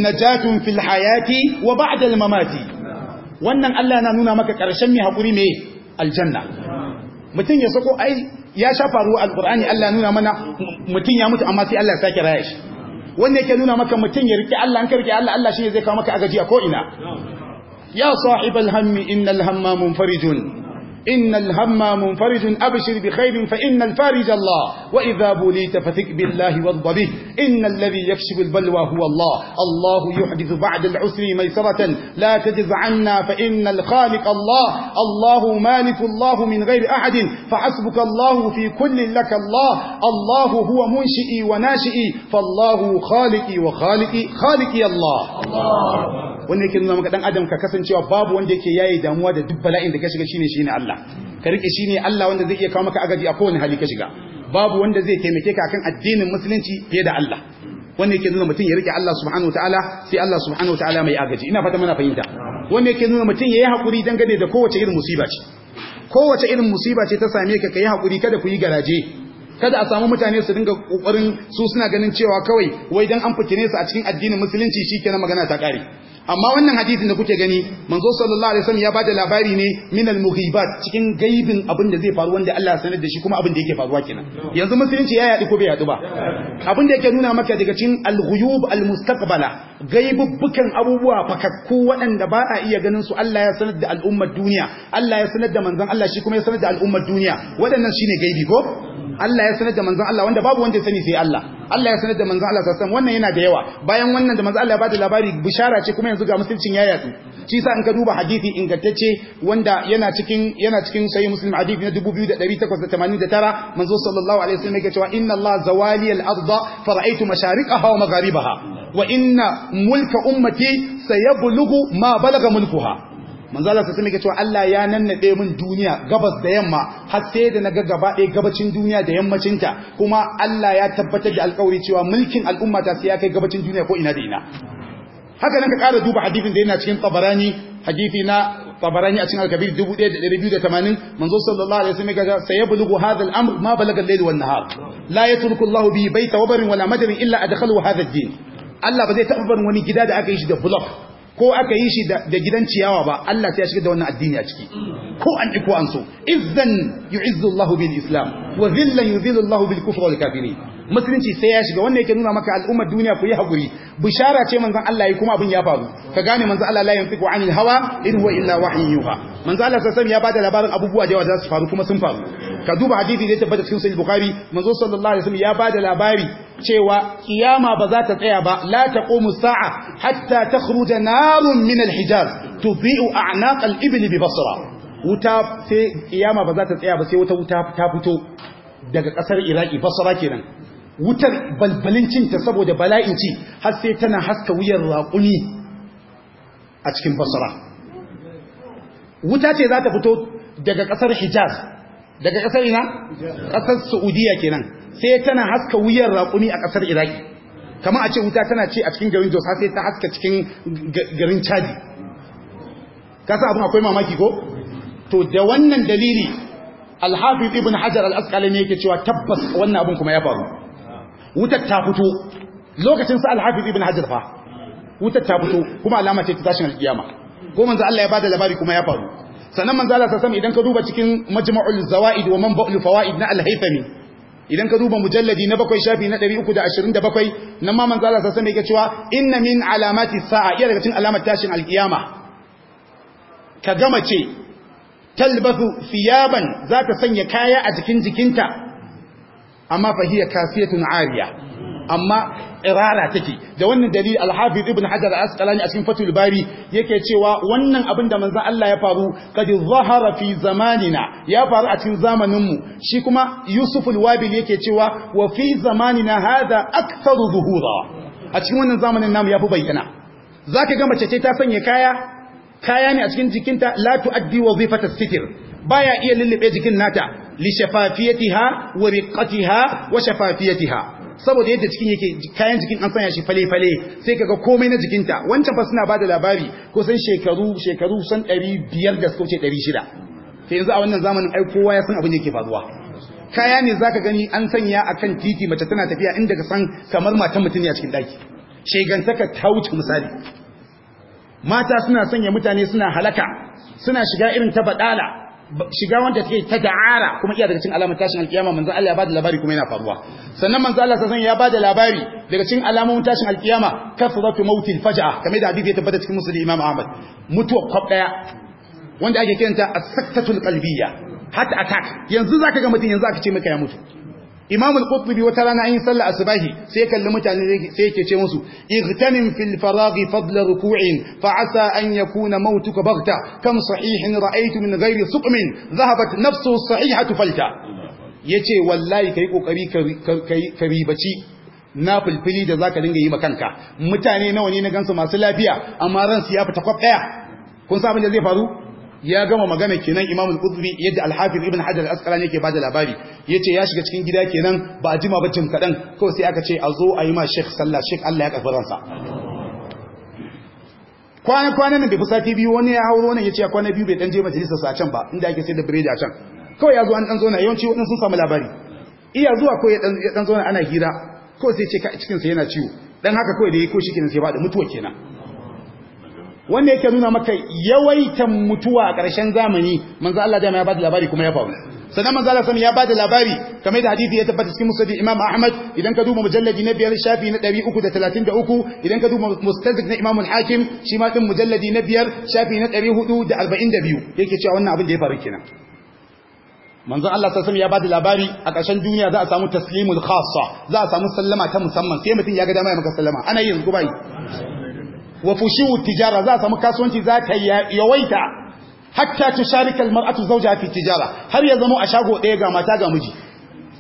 najatun fil hayati wa ba'da al-mamati wannan Allah na nuna maka karshen mai hakuri me aljanna mutum ya sako ai ya sha faruwa Al-ƙur'ani, Allah nuna mana mutum ya mutu amma sai Allah ya sake raya shi wanda yake nuna maka mutum ya rike Allah an ka rike Allah Allah shi zai kawo maka agaji a ko ina ya sahibal hammi innal hamma munfarijun إن الهم منفرج أبشر بخير فإن الفارج الله وإذا بوليت فثق بالله وارض به إن الذي يكشف البلوى هو الله الله يحدث بعد العسر ميسرة لا تجز عنا فإن الخالق الله الله مالك الله من غير أحد فحسبك الله في كل لك الله الله هو منشئي وناشئي فالله خالقي وخالقي خالقي الله, الله. wanda yake nuna maka dan adam ka kasancewa babu wanda yake yayi damuwa da duk bala'in da ka shiga shine shine Allah ka rike shine Allah wanda zai iya kawo maka agaji a kowane hali ka shiga babu wanda zai taimake ka akan addinin musulunci fiye da Allah wanda yake nuna mutum ya rike Allah subhanahu wataala sai Allah subhanahu wataala mai agaji ina fata muna fahimta wanda yake nuna mutum yayi hakuri dangane da kowace irin musiba ce kowace irin musiba ce ta same ka kai hakuri kada ku yi garaje kada a samu mutane su dinga kokarin su suna ganin cewa kawai wai dan an fitine su a cikin addinin musulunci shikenan magana ta kare amma wannan hadisin da kuke gani manzo sallallahu alaihi wasallam ya bada labari ne min al-mughibat cikin gaibin abin da zai faru wanda Allah ya sanar da shi kuma abin da yake faruwa kenan yanzu musulunci ya yadi ko bai yadu ba abin da yake nuna maka daga cikin al-ghuyub al-mustaqbala gaibubbukan abubuwa fakakku waɗanda ba a iya ganin su Allah ya sanar da al'ummar duniya Allah ya sanar da manzon Allah shi kuma ya sanar da al'ummar duniya waɗannan shine gaibi ko Allah ya sanar da manzon Allah wanda babu wanda ya sani sai Allah Allah ya sanar da manzon Allah sallallahu wannan yana da yawa bayan wannan da manzon Allah ya bada labari bishara ce kuma yanzu ga musulcin ya yatsu shi sa in ka duba hadisi ingantacce wanda yana cikin yana cikin sahih muslim hadisi na 2889 manzo sallallahu alaihi wasallam yake cewa inna Allah zawali al-ardh fara'aytu mashariqaha wa magharibaha wa inna mulka ummati sayablugu ma balaga mulkuha manzo Allah sai yake cewa Allah ya nannade min duniya gabas da yamma har sai da naga gaba ɗaya gabacin duniya da yammacin ta kuma Allah ya tabbatar da alƙawari cewa mulkin al'umma ta sai ya kai gabacin duniya ko ina da ina haka nan ka ƙara duba hadisin da yana cikin tabarani hadisi na tabarani a cikin al-kabir 1280 manzo sallallahu alaihi wasallam kaga sayablugu hadha al-amr ma balaga al-layl wan nahar la yatruku Allah bi bayta wabarin wala madarin illa adkhalahu hadha ad-din Allah ba zai taɓa barin wani gida da aka yi shi da block ko aka yi shi da gidan ciyawa ba Allah sai ya shiga da wannan addini a ciki ko an iko an so izzan yu'izzu Allahu bil Islam wa zillan yuzillu Allahu bil kufri wal kafirin musulunci sai ya shiga wannan yake nuna maka al'ummar duniya ku yi hakuri bishara ce manzon Allah yi kuma abin ya faru ka gane manzon Allah la yantiqu anil hawa in huwa illa wahyun yuha manzon Allah sallallahu ya bada labarin abubuwa da yawa da su faru kuma sun faru ka duba hadisi da ya tabbata cikin sahih bukhari manzon sallallahu alaihi wasallam ya bada labari cewa kiyama ba za ta tsaya ba la taqumu sa'a hatta takhruja narun min al-hijaz tudhi'u a'naq al-ibl bi basra wuta sai kiyama ba za ta tsaya ba sai wata wuta ta fito daga kasar iraki basra kenan wutar balbalin cinta saboda bala'in ci har sai tana haska wuyar raƙuni a cikin basra wuta ce za ta fito daga kasar hijaz daga kasar ina kasar saudiya kenan sai tana haska wuyar raƙumi a ƙasar iraki kama a ce wuta tana ce a cikin garin jos har sai ta haska cikin garin chadi kasa abin akwai mamaki ko to da wannan dalili alhafiz ibn hajar al-asqalani yake cewa tabbas wannan abin kuma ya faru wutar ta fito lokacin sa alhafiz ibn hajar fa wutar ta fito kuma alama ce ta tashin alkiyama ko manzo Allah ya bada labari kuma ya faru sannan manzo Allah sallallahu idan ka duba cikin majma'ul zawaid wa manba'ul fawaid na al-haythami idan ka duba mujalladi na bakwai shafi na 327 nan ma manzo Allah mai alaihi cewa inna min alamati sa'a iya daga cikin alamar tashin alkiyama ka gama ce talbathu thiyaban za ta sanya kaya a jikin jikinta amma fa hiya kasiyatun ariya amma irara take da wannan dalil al-hafiz ibn hajar al-asqalani a cikin fatul bari yake cewa wannan abin da manzon Allah ya faru kad zahara fi zamanina ya faru a cikin zamanin mu shi kuma yusuf al-wabil yake cewa wa fi zamanina hada aktharu zuhura a cikin wannan zamanin namu yafi bayyana zaka ga mace ce ta sanya kaya kaya ne a cikin jikinta la tuaddi wazifata sitir baya iya lulluɓe jikin nata li shafafiyatiha wa wa shafafiyatiha saboda yadda cikin yake kayan jikin an sanya shi fale-fale sai kaga komai na jikinta wancan fa suna bada labari ko san shekaru shekaru san 500 da suka wuce 600 sai yanzu a wannan zamanin ai kowa ya san abin da yake faruwa kaya ne zaka gani an sanya akan titi mace tana tafiya inda ka san kamar matan mutum ne a cikin daki shegantaka ta wuce misali mata suna sanya mutane suna halaka suna shiga irin ta badala shiga wanda take ta da'ara kuma iya daga cikin alamar tashin alkiyama manzo Allah ya bada labari kuma yana faruwa sannan manzo Allah sallallahu ya bada labari daga cikin alamomin tashin alkiyama kasratu mautil faj'a kamar da hadisi ya tabbata cikin muslim Imam Ahmad mutuwa kwab daya wanda ake kiranta as-saktatul qalbiyya hatta attack yanzu zaka ga mutum yanzu aka ce maka ya mutu imamul al-qutbi wata rana yin sallah asbahi sai kalli mutane sai yake ce musu igtanim fil faraghi fadla ruku'in fa asa an yakuna mautuka baghta kam sahihin ra'aytu min ghairi suqmin dhahabat nafsu sahihatu falta yace wallahi kai kokari ka ribaci na fulfili da zaka dinga yi makanka mutane nawa ne na gansu masu lafiya amma ransu ya fita kwaf daya kun san abin da zai faru ya gama magana kenan Imam al-Qudri yadda al-Hafiz Ibn Hajar al-Asqalani yake bada labari yace ya shiga cikin gida kenan ba jima ba jim kadan kawai sai aka ce a zo a yi ma Sheikh sallah Sheikh Allah ya karbi ransa kwana kwana nan bai sati biyu wani ya hauro ne yace ya kwana biyu bai dan je majalisa sa can ba inda ake sai da biredi a can kawai ya zo an dan zo na yawanci wadansu sun samu labari iya zuwa ko ya dan zo ana hira kawai sai ce ka cikin sa yana ciwo dan haka kawai da yake ko shi kenan sai ba da mutuwa kenan wanda yake nuna maka yawaitan mutuwa a ƙarshen zamani manzo Allah da ya bada labari kuma ya faru sannan manzo Allah ya bada labari kamar da hadisi ya tabbata cikin musnad Imam Ahmad idan ka duba mujalladi na biyar shafi na 333 idan ka duba mustadrak na Imam Al-Hakim shi ma din mujalladi na biyar shafi na 442 yake cewa wannan abin da ya faru kenan manzon Allah sallallahu alaihi ya bada labari a ƙarshen duniya za a samu taslimul khassa za a samu sallama ta musamman sai mutum ya ga dama ya maka sallama ana yin zubai wa fushu tijara za a samu kasuwanci za ta yawaita hatta tusharika almar'atu zawjaha fi tijara har ya zama a shago ɗaya ga mata ga miji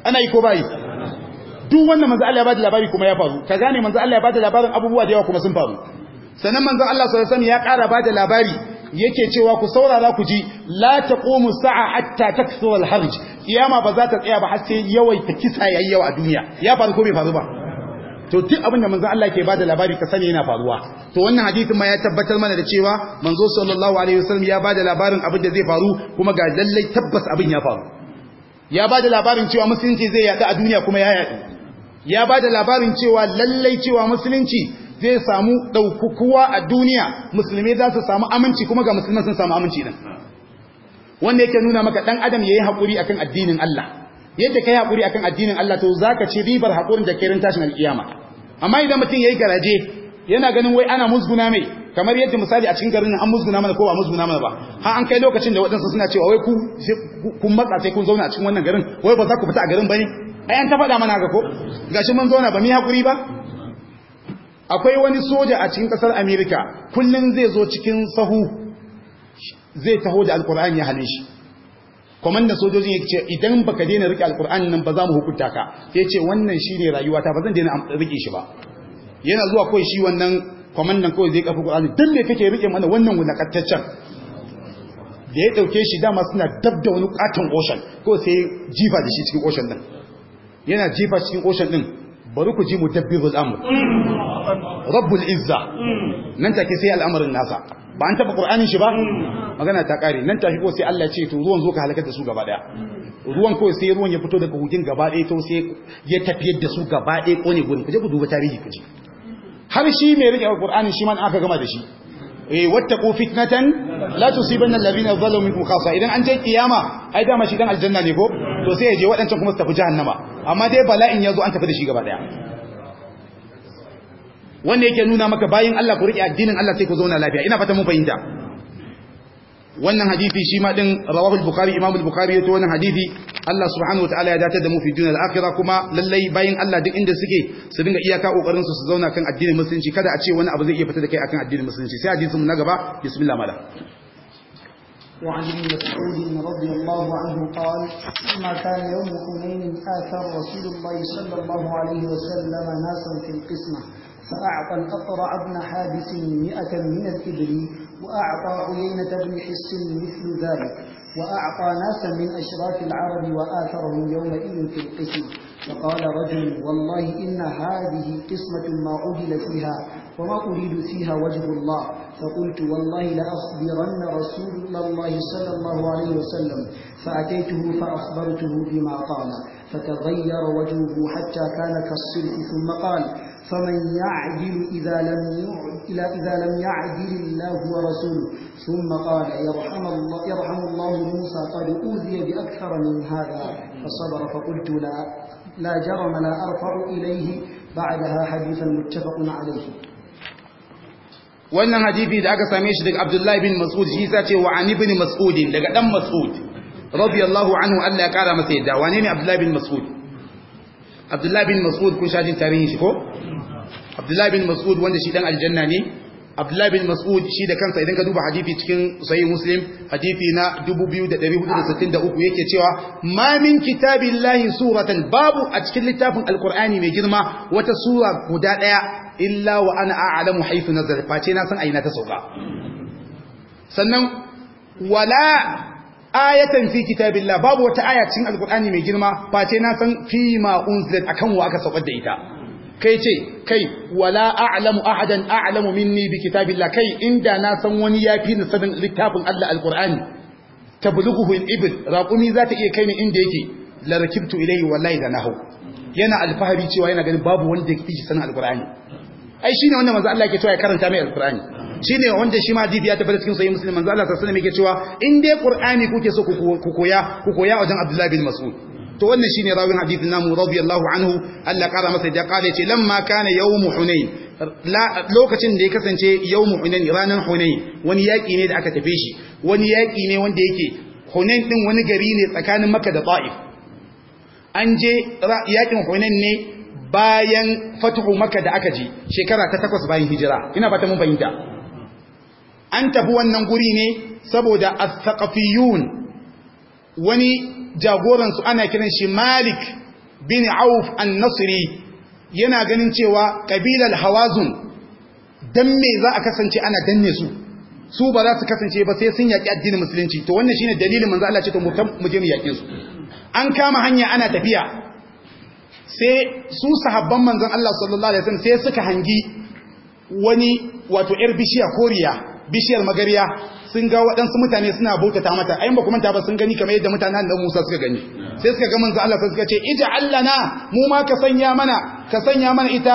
ana yi ko bai duk wannan manzo Allah ya bada labari kuma ya faru ka gane manzo Allah ya bada labarin abubuwa da yawa kuma sun faru sannan manzo Allah sallallahu alaihi ya ƙara bada labari yake cewa ku saurara ku ji la taqumu sa'a hatta takthura al kiyama ba za ta tsaya ba har sai yawaita kisa yayi yawa a duniya ya faru ko bai faru ba to duk abin da manzon Allah ke bada labari ka sani yana faruwa to wannan hadisin ma ya tabbatar mana da cewa manzo sallallahu alaihi wasallam ya bada labarin abin da zai faru kuma ga lallai tabbas abin ya faru ya bada labarin cewa musulunci zai yaɗu a duniya kuma ya yaɗu ya bada labarin cewa lallai cewa musulunci zai samu ɗaukukuwa a duniya musulmai za su samu aminci kuma ga musulmai sun samu aminci din wanda yake nuna maka dan adam yayi hakuri akan addinin Allah yadda kai hakuri akan addinin Allah to zaka ci ribar hakurin da kirin tashin alkiyama amma idan mutum yayi garaje yana ganin wai ana musguna mai kamar yadda misali a cikin garin an musguna mana ko ba musguna mana ba har an kai lokacin da wadansu suna cewa wai ku kun matsa sai kun zauna a cikin wannan garin wai ba za ku fita a garin bane ai an ta faɗa mana ga ko gashi mun zauna ba mu hakuri ba akwai wani soja a cikin ƙasar Amerika kullun zai zo cikin sahu zai taho da alƙur'ani ya hane shi Kwamandan sojojin ya ce idan baka daina rike alkur'ani nan ba za mu hukunta ka sai ce wannan shine rayuwata ba zan daina rike shi ba yana zuwa kawai shi wannan komandan kawai zai kafa kurani duk me kake rike mana wannan wulakataccen da ya dauke shi dama suna dab da wani katon ocean ko sai jifa da shi cikin ocean din yana jifa cikin ocean din bari ku ji tabbi amr mm. rabbul izza mm. nan take sai al'amarin nasa ba an taba qur'anin shi ba mm. magana ta kare nan tafi ko sai Allah ya ce to ruwan zo ka halaka da su gaba daya ruwan ko sai ruwan ya fito daga hukin gaba daya to sai ya tafiye da su gaba daya kone gurin kaje ku duba tarihi kaje har shi mai rike qur'anin shi man aka gama da shi eh wattaqu fitnatan la tusibanna alladhina zalamu minkum khasa idan an je kiyama ai dama shi dan aljanna ne ko to sai ya je wadancan kuma su tafi jahannama amma dai bala'in yazo an tafi da shi gaba daya wanda yake nuna maka bayan Allah ku riƙe addinin Allah sai ku zauna lafiya ina fata mun fahimta wannan hadisi shi ma din rawahu al-bukhari imam al-bukhari yato wannan hadisi Allah subhanahu wa ta'ala ya datar da mu fi dunyal akhirah kuma lallai bayan Allah duk inda suke su dinga iyaka kokarin su su zauna kan addinin musulunci kada a ce wani abu zai iya fita da kai akan addinin musulunci sai hadisin mu na gaba bismillah mala وعن ابن مسعود رضي الله عنه قال ما كان يوم حنين آثر رسول الله صلى الله عليه وسلم ناسا في القسمة فأعطى الأقرع بن حابس مئة من الإبل وأعطى عيينة بن حس مثل ذلك وأعطى ناسا من أشراف العرب وآثرهم يومئذ في القسم فقال رجل والله إن هذه قسمة ما عدل فيها وما أريد فيها وجه الله فقلت والله لأخبرن رسول الله صلى الله عليه وسلم فأتيته فأخبرته بما قال فتغير وجهه حتى كان كالصلح ثم قال فمن يعدل إذا لم إذا لم يعدل الله ورسوله ثم قال يرحم الله يرحم الله موسى قد أوذي بأكثر من هذا فصبر فقلت لا لا جرم لا أرفع إليه بعدها حديثا متفق عليه wannan hadisi da aka same shi daga Abdullahi bin Mas'ud shi yasa ce wa an ibn Mas'ud daga dan Mas'ud radiyallahu anhu Allah ya kara masa yadda wane ne Abdullahi bin Mas'ud Abdullahi bin Mas'ud kun shajin tarihin shi ko Abdullahi bin Mas'ud wanda shi dan aljanna ne Abdullahi bin Mas'ud shi da kansa idan ka duba hadisi cikin Sahih Muslim hadisi na 2463 yake cewa mamin min kitabillahi suratan babu a cikin littafin alkur'ani mai girma wata sura guda ɗaya? illa wa ana a'lamu haythu nazala na san ina ta sauka sannan wala ayatan fi kitabillah babu wata aya cikin alqur'ani mai girma face na san fi ma unzilat akan wa aka saukar da ita kai ce kai wala a'lamu ahadan a'lamu minni bi kitabillah kai inda na san wani yafi ni sanin littafin Allah alqur'ani tablughu al-ibl raqumi zata iya kai ni inda yake la rakibtu ilayhi wallahi da nahu yana alfahari cewa yana ganin babu wanda yake sanin alqur'ani ai shine wanda manzo Allah ke cewa ya karanta mai alqur'ani shine wanda shi ma hadisi ya tabbata cikin sahih muslim manzo Allah sallallahu alaihi wasallam yake cewa in dai qur'ani kuke so ku koya ku koya wajen Abdullahi bin Mas'ud to wannan shine rawin hadisin namu radiyallahu anhu Allah kara masa da kare ce lamma kana yawm hunain lokacin da ya kasance yawm hunain ranan hunain wani yaki ne da aka tafe shi wani yaki ne wanda yake hunain din wani gari ne tsakanin makka da ta'if an je yakin hunain ne bayan fatuhu maka da aka ji shekara ta takwas bayan hijira ina fata mun fahimta an tafi wannan guri ne saboda al-thaqafiyun wani jagoransu ana kiran shi malik bin auf an-nasri yana ganin cewa kabilal hawazun dan me za a kasance ana danne su su ba za su kasance ba sai sun yaƙi addinin musulunci to wannan shine dalilin manzo Allah ce to mu je mu yaƙe su an kama hanya ana tafiya sai su sahabban manzan Allah sallallahu alaihi wasallam sai suka hangi wani wato yar bishiya koriya bishiyar magariya sun ga waɗansu mutane suna bautata mata ayin ba kuma ta ba sun gani kamar yadda mutanen da Musa suka gani sai suka ga manzon Allah sai suka ce ij'alna mu ma ka sanya mana ka sanya mana ita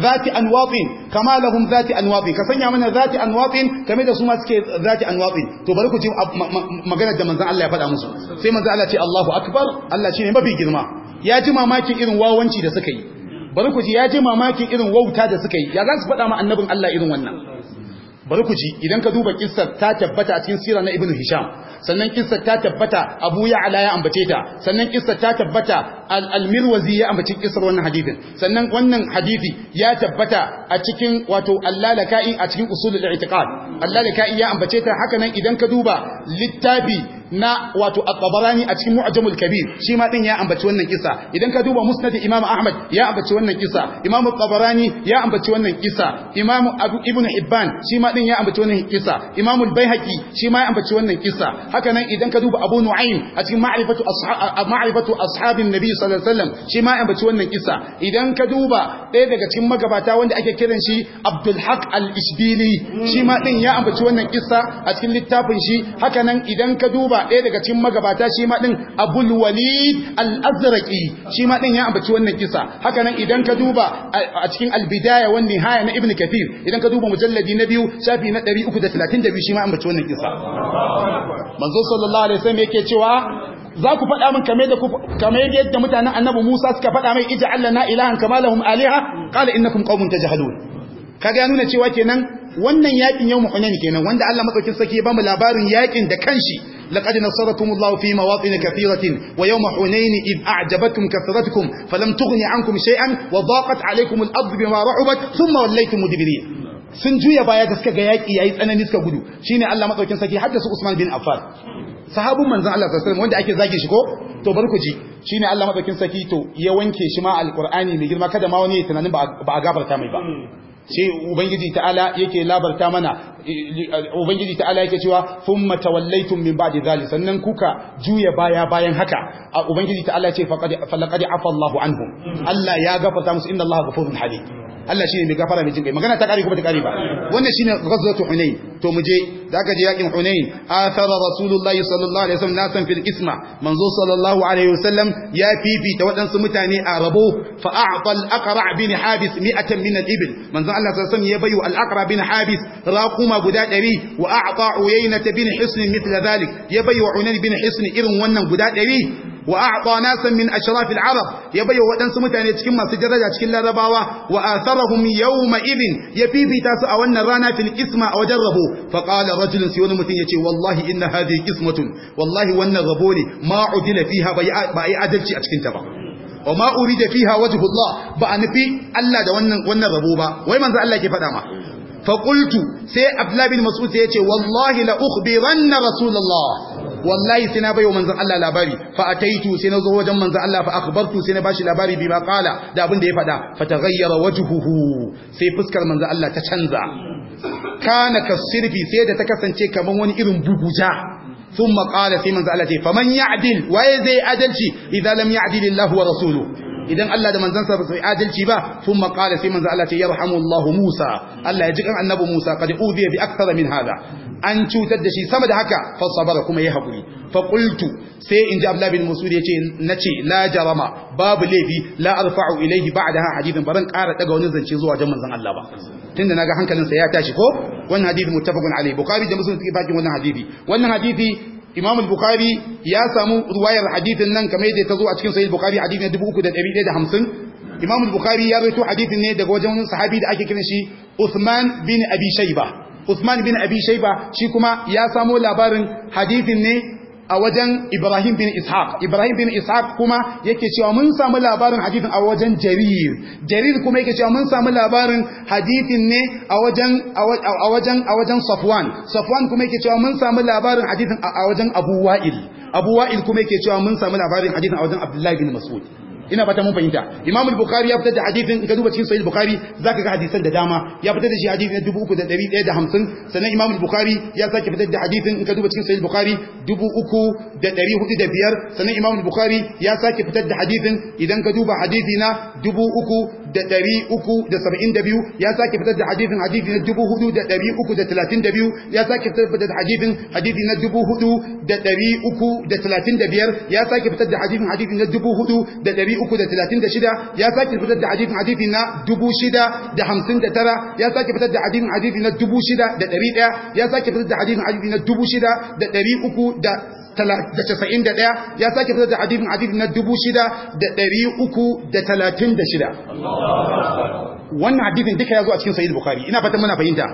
zati anwatin kama lahum zati anwatin ka sanya mana zati anwatin kamar da su ma suke zati anwatin to bari ku ji maganar da manzon Allah ya faɗa musu sai manzon Allah ce Allahu akbar Allah shine mafi girma ya ji mamakin irin wawanci da suka yi bari ku ji ya ji mamakin irin wauta da suka yi ya za su faɗa ma annabin Allah irin wannan bari ku ji idan ka duba kissar ta tabbata a cikin sira na ibnu hisham sannan kissar ta tabbata abu ya ala ya ambace ta sannan kissar ta tabbata al-mirwazi ya ambace kissar wannan hadithin sannan wannan hadithi ya tabbata a cikin wato allalaka'i a cikin usulul i'tiqad allalaka'i ya ambace ta haka nan idan ka duba littafi na wato at-tabarani a cikin mu'jamul kabir shi ma din ya ambaci wannan kisa idan ka duba musnad imam ahmad ya ambaci wannan kisa imam at-tabarani ya ambaci wannan kisa imam abu ibn hibban shi ma din ya ambaci wannan kisa imam al-baihaqi shi ma ya ambaci wannan kisa haka nan idan ka duba abu nu'aym a cikin ma'rifatu ashab ma'rifatu ashabin nabi sallallahu alaihi wasallam shi ma ya ambaci wannan kisa idan ka duba ɗaya daga cikin magabata wanda ake kiran shi abdul haq al-ishbili shi ma din ya ambaci wannan kisa a cikin littafin shi haka nan idan ka duba ɗaya daga cikin magabata shi ma din abul walid al-azraqi shi ma ya ambaci wannan kisa haka nan idan ka duba a cikin al-bidaya wan nihaya na Ibn kathir idan ka duba mujalladi na biyu shafi na 332 shi ma ambaci wannan kisa manzo sallallahu alaihi wasallam yake cewa za ku faɗa min kamar yadda mutanen annabi Musa suka faɗa mai ija Allah na ilahan kama lahum aliha qala innakum qaumun tajhalun kaga ya nuna cewa kenan wannan yakin yau mu'unan kenan wanda Allah madaukin saki ya bamu labarin yakin da kanshi لقد نصركم الله في مواطن كثيرة ويوم حنين إذ أعجبتكم كثرتكم فلم تغني عنكم شيئا وضاقت عليكم الأرض بما رحبت ثم وليتم مدبرين sun juya baya da suka ga yaƙi yayi tsanani suka gudu shine Allah madaukakin saki haddasa su Usman bin Affan sahabun manzon Allah sallallahu alaihi wanda ake zage shi ko to bar ku ji shine Allah madaukakin saki to ya wanke shi ma alqur'ani mai girma kada ma wani ya tunanin ba a ta mai ba Shi ubangiji ta'ala yake labarta mana ubangiji ta'ala yake cewa thumma tawallaytum min ba'di zali sannan kuka juya baya bayan haka ubangiji ta'ala ce faqad falaqad afa Allahu anhum mm. Allah ya gafarta musu inna Allahu ghafurun halim Allah shine mai gafara mai jinkai magana ta kare kuma ta kare ba wannan shine ghazwatu hunain to mu je da aka je yakin hunain athara rasulullah sallallahu alaihi wasallam nasan fil isma manzo sallallahu alaihi wasallam ya fifita wadansu mutane a rabo fa a'ta al-aqra bin habis 100 min al-ibil manzo Allah sallallahu alaihi wasallam ya bayu al-aqra bin habis raquma guda 100 wa a'ta uyayna bin hisn mithla dhalik ya bayu unayn bin hisn irin wannan guda wa a'ta nasan min ashrafil arab ya baiwa wadansu mutane cikin masu daraja cikin larabawa wa yau ma irin ya fifita su a wannan rana fil a wajen rabo fa qala rajulun sai wani mutum ya ce wallahi inna hadhihi qismatun wallahi wannan rabo ne ma udila fiha ba ai adalci a cikin ta ba wa ma urida fiha wajhullah ba a nufi Allah da wannan rabo ba wai manzo Allah ke faɗa ma faƙultu sai abdullabin masud ya ce wallahi la na rasulallah, wallahi sai na baiwa manzon Allah labari fa ataitu sai na zo wajen manzon Allah fa akhbartu sai na bashi labari bi ma da abin da ya faɗa fa taghayyara wajhuhu sai fuskar manzon Allah ta canza kana kasirfi sai da ta kasance kaman wani irin buguja ثم قال سيمن زعلتي فمن zai adalci أدلتي إذا لم يعدل الله ورسوله idan Allah da manzansa ba su yi adalci ba sun maƙala sai manzan Allah ce ya rahamullahu Musa Allah ya ji kan annabu Musa kad uziya bi akthara min hada an cutar da shi sama da haka fa sabara kuma ya haƙuri fa qultu sai inji Abdullah ya ce na ce la jarama babu laifi la arfa'u ilayhi ba'daha hadithan baran ƙara daga wani zance zuwa ga manzan Allah ba Tun tunda naga hankalinsa ya tashi ko wannan hadisi muttafaqun alayhi bukhari da muslim suke bakin wannan hadisi wannan hadithi. Imam al-Bukhari ya samu ruwayar hadithin nan kamar yadda ta zo a cikin Sahih Bukhari hadith na 3150 Imam al-Bukhari ya rawaito hadithin ne daga wajen sahabi da ake kiran shi Usman bin Abi Shayba bin Abi Shayba shi kuma ya samu labarin hadithin ne a wajen Ibrahim bin Ishaq Ibrahim bin Ishaq kuma yake cewa mun samu labarin hadithin a wajen Jarir Jarir kuma yake cewa mun samu labarin hadithin ne a wajen a wajen a wajen Safwan Safwan kuma yake cewa mun samu labarin hadithin a wajen Abu Wa'il Abu Wa'il kuma yake cewa mun samu labarin hadithin a wajen Abdullah bin Mas'ud ina fata mun fahimta imam al-bukhari ya fitar da hadisin in ka duba cikin sahih bukhari zaka ga hadisan da dama ya fitar da shi hadisi na 3150 sannan imam al-bukhari ya sake fitar da hadisin in ka duba cikin sahih bukhari 3405 sannan imam al-bukhari ya sake fitar da hadisin idan ka duba hadisi na 3000 da ɗari uku da saba'in da biyu ya sake fitar da hadithin hadithi na dubu hudu da ɗari uku da talatin da biyu ya sake fitar da hadithin hadithi na dubu hudu da ɗari uku da talatin da biyar ya sake fitar da hadithin hadithi na dubu hudu da ɗari uku da talatin da shida ya sake fitar da hadithin hadithi na dubu shida da hamsin da tara ya sake fitar da hadithin hadithi na dubu shida da ɗari ɗaya ya sake fitar da hadithin hadithi na dubu shida da ɗari uku da 991 ya sake fitar da hadithin hadisi na 6336 wannan hadisin duka ya zo a cikin sahih bukhari ina fatan muna fahimta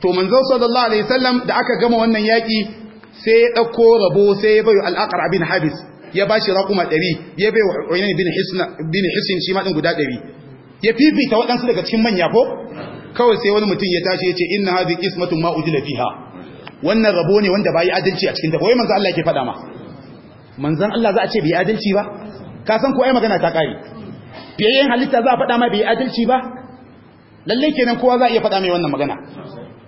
to manzo sallallahu alaihi wasallam da aka gama wannan yaki sai ya dauko rabo sai ya bayu al-aqra bin habis ya bashi raquma 100 ya bayu wani bin hisna bin hisin shi ma din guda 100 ya fifita waɗansu daga cikin manya ko kawai sai wani mutum ya tashi ya ce inna hadhihi qismatun ma udila fiha wannan rabo ne wanda bai adalci a cikin ta wai manzo Allah yake faɗa ma manzon Allah za a ce bai adalci ba ka san ko ai magana ta kare biyayen halitta za a faɗa ma bai adalci ba lalle kenan kowa za a iya faɗa mai wannan magana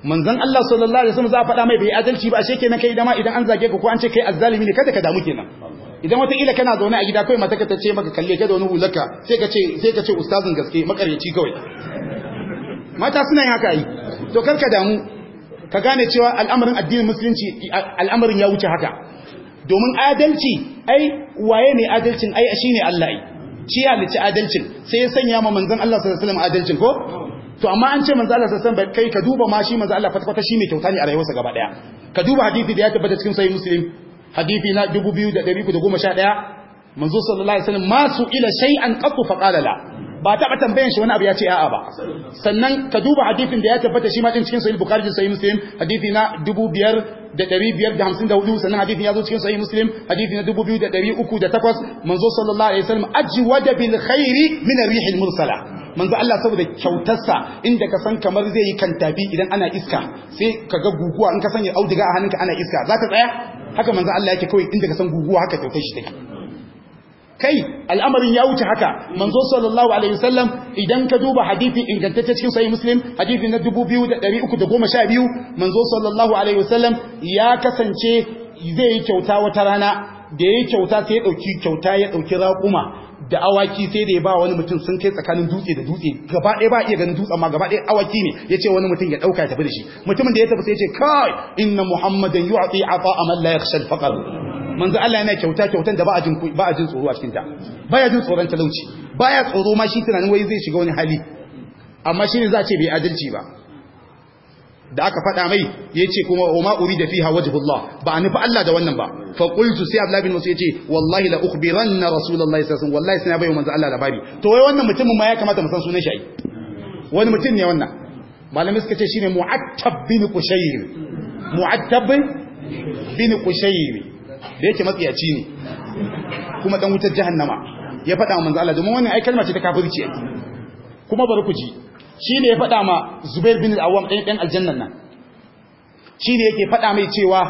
manzon Allah sallallahu alaihi wasallam za a faɗa mai bai adalci ba ashe kenan kai dama idan an zage ka ko an ce kai azzalimi ne kada ka damu kenan idan wata ila kana zaune a gida kai mata ka tace maka kalle ka da wani hulaka sai ka ce sai ka ce ustazin gaske makaryaci kawai mata suna yin haka yi to karka damu ka gane cewa al'amarin addinin musulunci al'amarin ya wuce haka domin adalci ai waye ne adalcin ai shine Allah ai shi halitta adalcin sai ya sanya ma manzan Allah sallallahu adalcin ko to amma an ce manzan Allah sassan bai kai ka duba ma shi manzan Allah fatkwata shi mai kyauta ne a rayuwarsa gaba daya ka duba hadifi da ya tabbata cikin sahih musulun hadifi na 2311 manzo sallallahu alaihi wasallam ma su ila shay'an qatu fa qala la ba taɓa tambayan shi wani abu ya ce a'a ba sannan ka duba hadithin da ya tabbata shi ma cikin sahih bukhari sahih muslim hadithi na 2554 sannan hadithin ya zo cikin sahih muslim hadithi na 2308 manzo sallallahu alaihi wasallam ajwada bil khairi min ar-rih al-mursala manzo Allah saboda kyautarsa inda ka san kamar zai yi kantabi idan ana iska sai kaga guguwa in ka sanya auduga a hannunka ana iska za ta tsaya haka manzo Allah yake kawai inda ka san guguwa haka kyautar shi take kai al'amarin ya wuce haka manzo sallallahu alaihi wasallam idan ka duba hadisi ingantacce cikin sahih muslim hadisi na 2312 manzo sallallahu alaihi wasallam ya kasance zai yi kyauta wata rana da yayi kyauta sai ya dauki kyauta ya dauki raƙuma da awaki sai da ya ba wani mutum sun kai tsakanin dutse da dutse gaba ɗaya ba iya ganin dutsen ma gaba ɗaya awaki ne ya ce wani mutum ya ɗauka ya tafi da shi mutumin da ya tafi sai ya ce kai inna muhammadan yu'ati ata amal la yakhsha al-faqr manzo Allah yana kyauta kyautan da ba a jin ba a jin tsoro a cikin ta baya jin tsoron talauci baya tsoro ma shi tunanin wai zai shiga wani hali amma shine za a ce bai adalci ba da aka faɗa mai Ya ce kuma umma da fiha wajhullah ba nufi Allah da wannan ba fa qultu sai Abdullah bin Mas'ud ce, wallahi la ukhbiranna rasulullahi sallallahu alaihi wasallam wallahi sai na bayyana manzo Allah labari to wai wannan mutumin ma ya kamata mu san sunan shi wani mutum ne wannan malami suka ce shine mu'attab bin qushayr mu'attab bin qushayr da yake matsiyaci ne kuma dan wutar jahannama ya fada wa manzo Allah domin wannan ai kalma ce ta kafirci kuma bari ku ji shine ya fada ma Zubair bin Al-Awwam ɗan ɗan aljannan nan shine yake fada mai cewa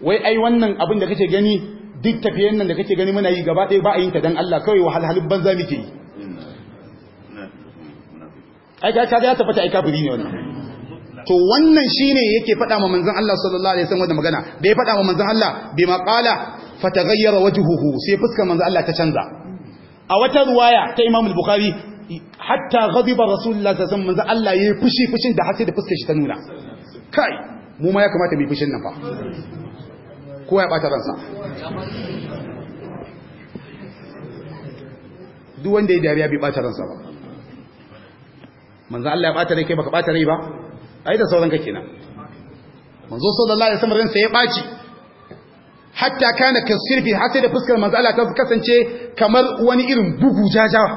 wai ai wannan abin da kake gani duk tafiyan nan da kake gani muna yi gaba ɗaya ba a yin ta dan Allah kawai wahalhalun banza muke yi ai ga kaga ya tabbata ai kafiri ne wannan to wannan shine yake faɗa ma manzon Allah sallallahu alaihi wasallam da magana bai ya faɗa ma manzon Allah bi maqala fataghayyara wajhuhu sai fuskar manzon Allah ta canza a wata ruwaya ta Imam al-Bukhari hatta ghadiba rasulullah sallallahu alaihi wasallam manzon Allah yayi fushi fushin da har sai da fuskar shi ta nuna kai mu ma ya kamata mu fushin nan fa kowa ya bata ransa duk wanda ya dariya bai bata ransa ba manzo Allah ya bata rai kai baka bata rai ba ai da sauran ka kenan manzo sallallahu alaihi wasallam sai ya baci hatta kana kasirfi har sai da fuskar manzo Allah ta kasance kamar wani irin bugu jajawa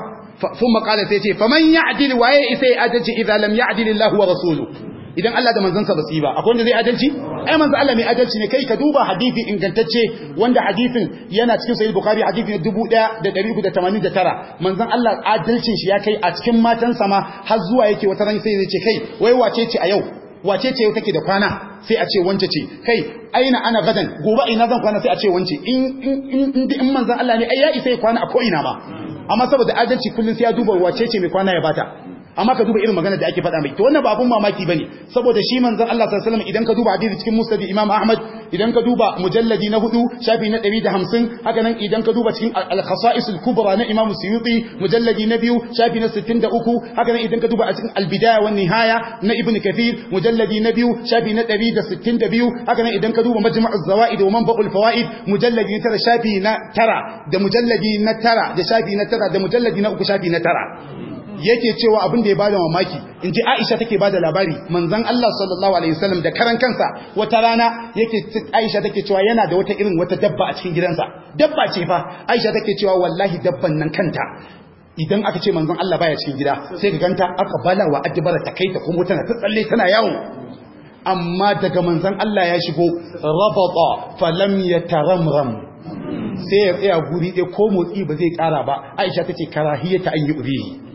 sun makala sai ce faman ya'dil waye isa ya adalci idza lam ya'dil Allah wa rasuluhu idan Allah da manzansa ba su yi ba akwai wanda zai adalci ai manzo Allah mai adalci ne kai ka duba hadisi ingantacce wanda hadisin yana cikin sahih bukhari hadisi 1189 manzon Allah adalcin shi ya kai a cikin matan sama har zuwa yake wata ran sai zai ce kai wai wace ce a yau wace ce yau take da kwana sai a ce wance ce kai aina ana gadan gobe ina zan kwana sai a ce wance in in in manzon Allah ne ai ya isa kwana a ko ina ba amma saboda adalci kullun sai ya duba wace ce mai kwana ya bata amma ka duba irin magana da ake faɗa mai to wannan ba abun mamaki bane saboda shi manzon Allah sallallahu alaihi idan ka duba hadisi cikin musnad Imam Ahmad idan ka duba mujalladi na 4 shafi na 150 haka nan idan ka duba cikin al-khasa'is al-kubra na Imam Suyuti mujalladi na 2 shafi na 63 haka nan idan ka duba a cikin al-bidaya wan nihaya na Ibn Kathir mujalladi na 2 shafi na 162 haka nan idan ka duba majma' az-zawaid wa manba'ul fawaid mujalladi na 9 shafi na 9 da mujalladi na 9 da shafi na 9 da mujalladi na 3 shafi na 9 yake cewa abin da ya bada mamaki in ji aisha take bada labari manzan Allah sallallahu alaihi wasallam da karan kansa wata rana yake aisha take cewa yana da wata irin wata dabba a cikin gidansa dabba ce fa aisha take cewa wallahi dabban nan kanta idan aka ce manzon Allah baya cikin gida sai ka ganta aka bala wa adbara ta kai ta kuma tana ta tsalle tana yawo amma daga manzon Allah ya shigo rabata falam yataramram sai ya tsaya guri ɗaya ko motsi ba zai ƙara ba aisha ta ce karahiyata an yi urihi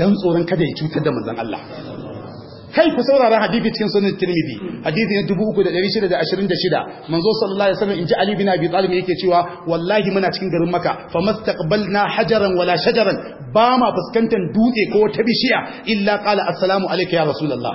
dan tsoron kada ya cutar da manzan Allah kai ku saurara hadisi cikin sunan Tirmidhi hadisi ne 3626 manzo sallallahu alaihi wasallam inji Ali bin Abi Talib yake cewa wallahi muna cikin garin Makka famastaqbalna hajaran wala shajaran ba ma fuskantar dutse ko ta bishiya illa qala assalamu alayka ya rasulullah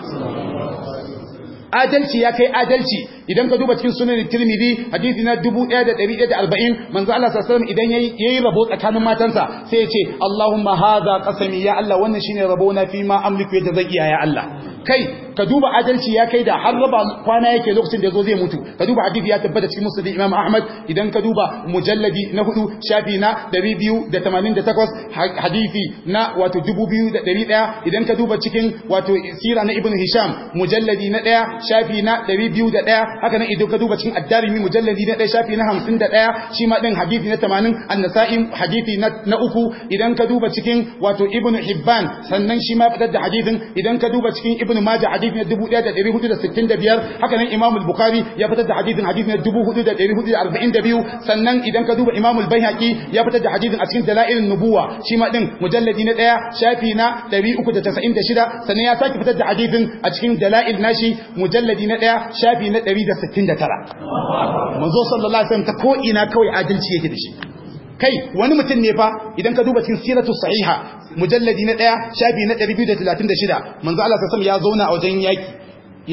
adalci ya kai adalci idan ka duba cikin sunan tirmidhi hadisi na 1140 manzo Allah sallallahu alaihi wasallam idan yayi yi rabo tsakanin matansa sai ya ce Allahumma hadha qasami ya Allah wannan shine rabo na fi ma amliku yadda zai iya ya Allah kai ka duba adalci ya kai da har raba kwana yake lokacin da zo zai mutu ka duba hadisi ya tabbata cikin Musulmi Imam Ahmad idan ka duba mujalladi na hudu shafi na 288 hadisi na wato 2100 idan ka duba cikin wato sira na Ibn Hisham mujalladi na 1 shafi na 201 haka nan idan ka duba cikin ad mujalladi na 1 shafi na 51 shi ma din hadisi na 80 An-Nasa'i hadisi na uku idan ka duba cikin wato Ibn Hibban sannan shi ma fadar da hadisin idan ka duba cikin Ibn Majah hadisi na 1465 haka nan Imam al-Bukhari ya fitar da hadisin hadisi na biyu sannan idan ka duba imamul al-Baihaqi ya fitar da hadisin a cikin Dalailun Nubuwa shi ma din mujalladi na ɗaya shafi na ɗari uku da da casa'in shida sannan ya saki fitar da hadisin a cikin Dalail nashi mujalladi na ɗaya shafi na ɗari da da sittin tara manzo sallallahu alaihi wasallam ta ko ina kawai adalci yake da shi kai wani mutum ne fa idan ka duba cikin siratu sahiha mujalladi na 1 shafi na 236 manzo Allah sallallahu alaihi ya zauna a wajen yaki